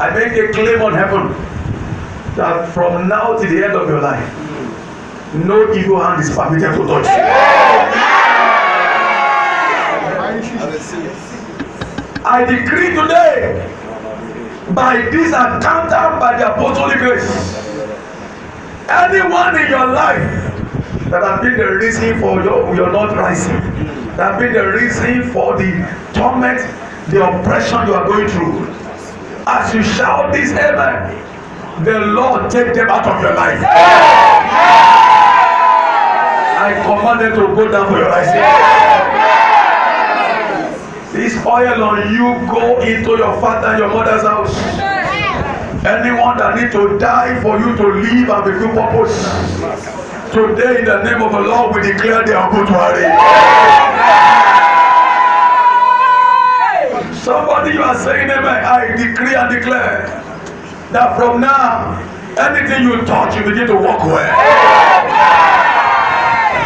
I make a claim on heaven that from now to the end of your life, no evil hand is permitted to touch you. I decree today by this encounter by the apostolic grace. Anyone in your life that has been the reason for your, your not rising, that has been the reason for the torment, the oppression you are going through, as you shout this amen, the Lord take them out of your life. Yeah. I command them to go down for your life. Yeah. This oil on you go into your father, and your mother's house. Anyone that need to die for you to live and fulfill purpose. Today, in the name of the Lord, we declare they are good marriage. Somebody, you are saying, Amen. I decree and declare that from now, anything you touch, you begin to walk well.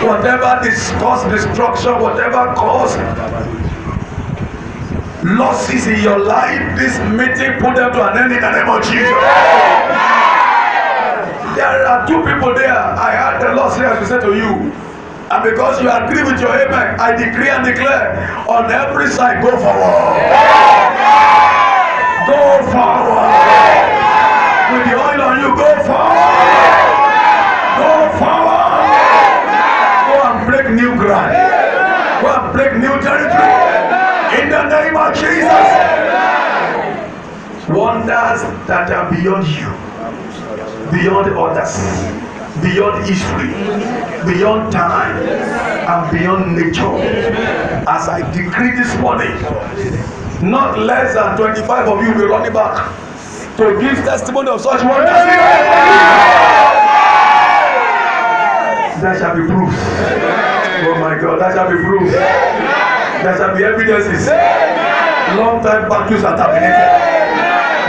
Whatever disgust, destruction, whatever cause, losses in your life, this meeting put them to an end in the name of Jesus. Yeah. There are two people there. I heard the Lord say, I should say to you, and because you agree with your amen, I decree and declare on every side, go forward. Yeah. Go forward. Yeah. With the oil on you, go forward. Go forward. Go and break new ground. Go and break new territory. name of Jesus. Amen. Wonders that are beyond you, beyond others, beyond history, beyond time, and beyond nature. As I decree this morning, not less than 25 of you will run it back to give testimony of such wonders. That shall be proof. Oh my God, that shall be proof. There shall be evidences. Amen. Long time battles are terminated.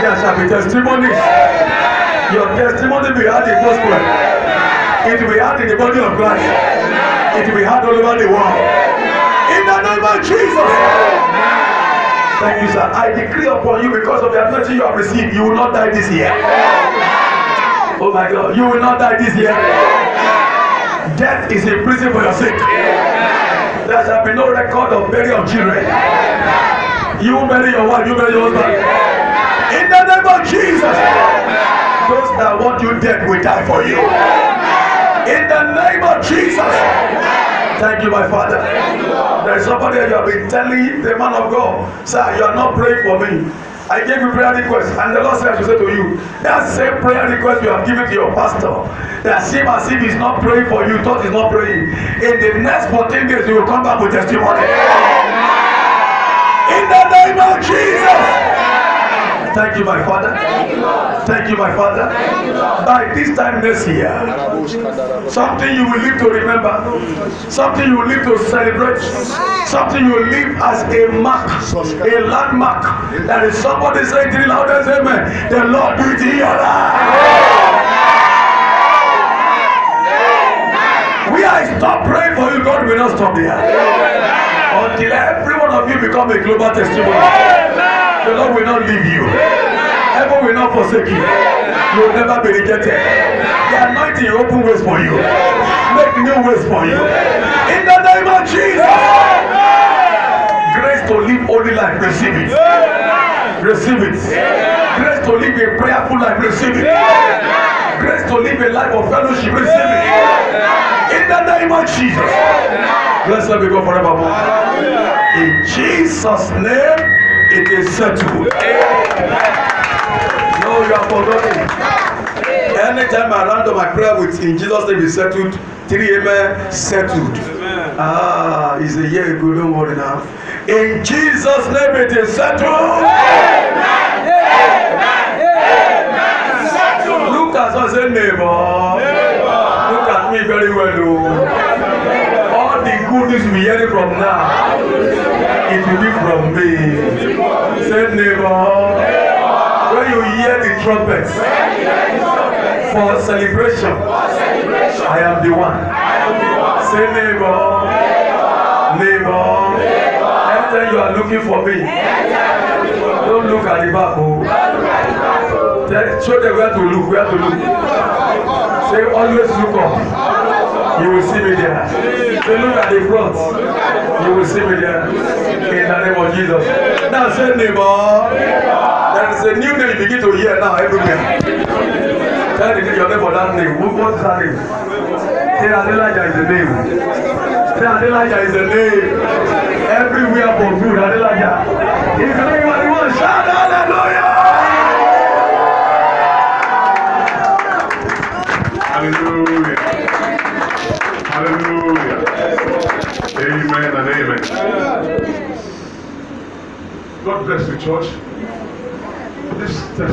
There shall be testimonies. Amen. Your testimony will be heard in gospel. Amen. It will be heard in the body of Christ. Amen. It will be heard all over the world. Amen. In the name of Jesus. Amen. Thank you, sir. I decree upon you because of the anointing you have received, you will not die this year. Amen. Oh my God, you will not die this year. Amen. Death is in prison for your sake. Amen. there shall be no record of burial of children. You marry your wife, you marry your husband. In the name of Jesus, those that want you dead will die for you. In the name of Jesus. Thank you, my Father. There is somebody you have been telling the man of God, sir, you are not praying for me. I gave you prayer request, and the Lord said, I should say to you, that same prayer request you have given to your pastor, that same as if he's not praying for you, thought he's not praying. In the next 14 days, you will come back with testimony. In the name of Jesus. Thank you, my Father. Thank you, my Father. By this time next year, something you will live to remember, something you will live to celebrate, something you will live as a mark, a landmark. That is somebody saying the loudest amen. The Lord your life. We are stop praying for you, God will not stop there. Until every one of you become a global testimony. The Lord will not leave you. Heaven will not forsake you. You will never be rejected. The anointing will open ways for you. Make new ways for you. In the name of Jesus. Grace to live holy life. Receive it. Receive it. Grace to live a prayerful life. Receive it. Grace to live a life of fellowship. Receive it. In the name of Jesus. Blessed be God forevermore. In Jesus' name. it is settled. No, you are forgotten. Anytime I run to my prayer with in Jesus' name is settled, three amen settled. Ah, it's a year ago, don't worry now. In Jesus' name it is settled. Amen. Amen. Amen. Settled. Look at us neighbor. Look at me very well. Oh. All the good news we hearing from now it will be from me. Say, neighbor, when you hear the trumpets for celebration, I am the one. Say, neighbor, neighbor, every time you are looking for me, don't look at the back. Oh. Tell, show them where to look, where to look. Say, always look up. You will see me there. They look at the front. You will see me there. In the name of Jesus. Now say neighbor. That is a new name you begin to hear now everywhere. Tell your neighbor that name. What is that name? Say Adelaja is the name. Say Adelaja is the name. Everywhere for good, Adelaja. If anybody wants, shout hallelujah. Hallelujah. Hallelujah. Amen and amen. God bless the church. This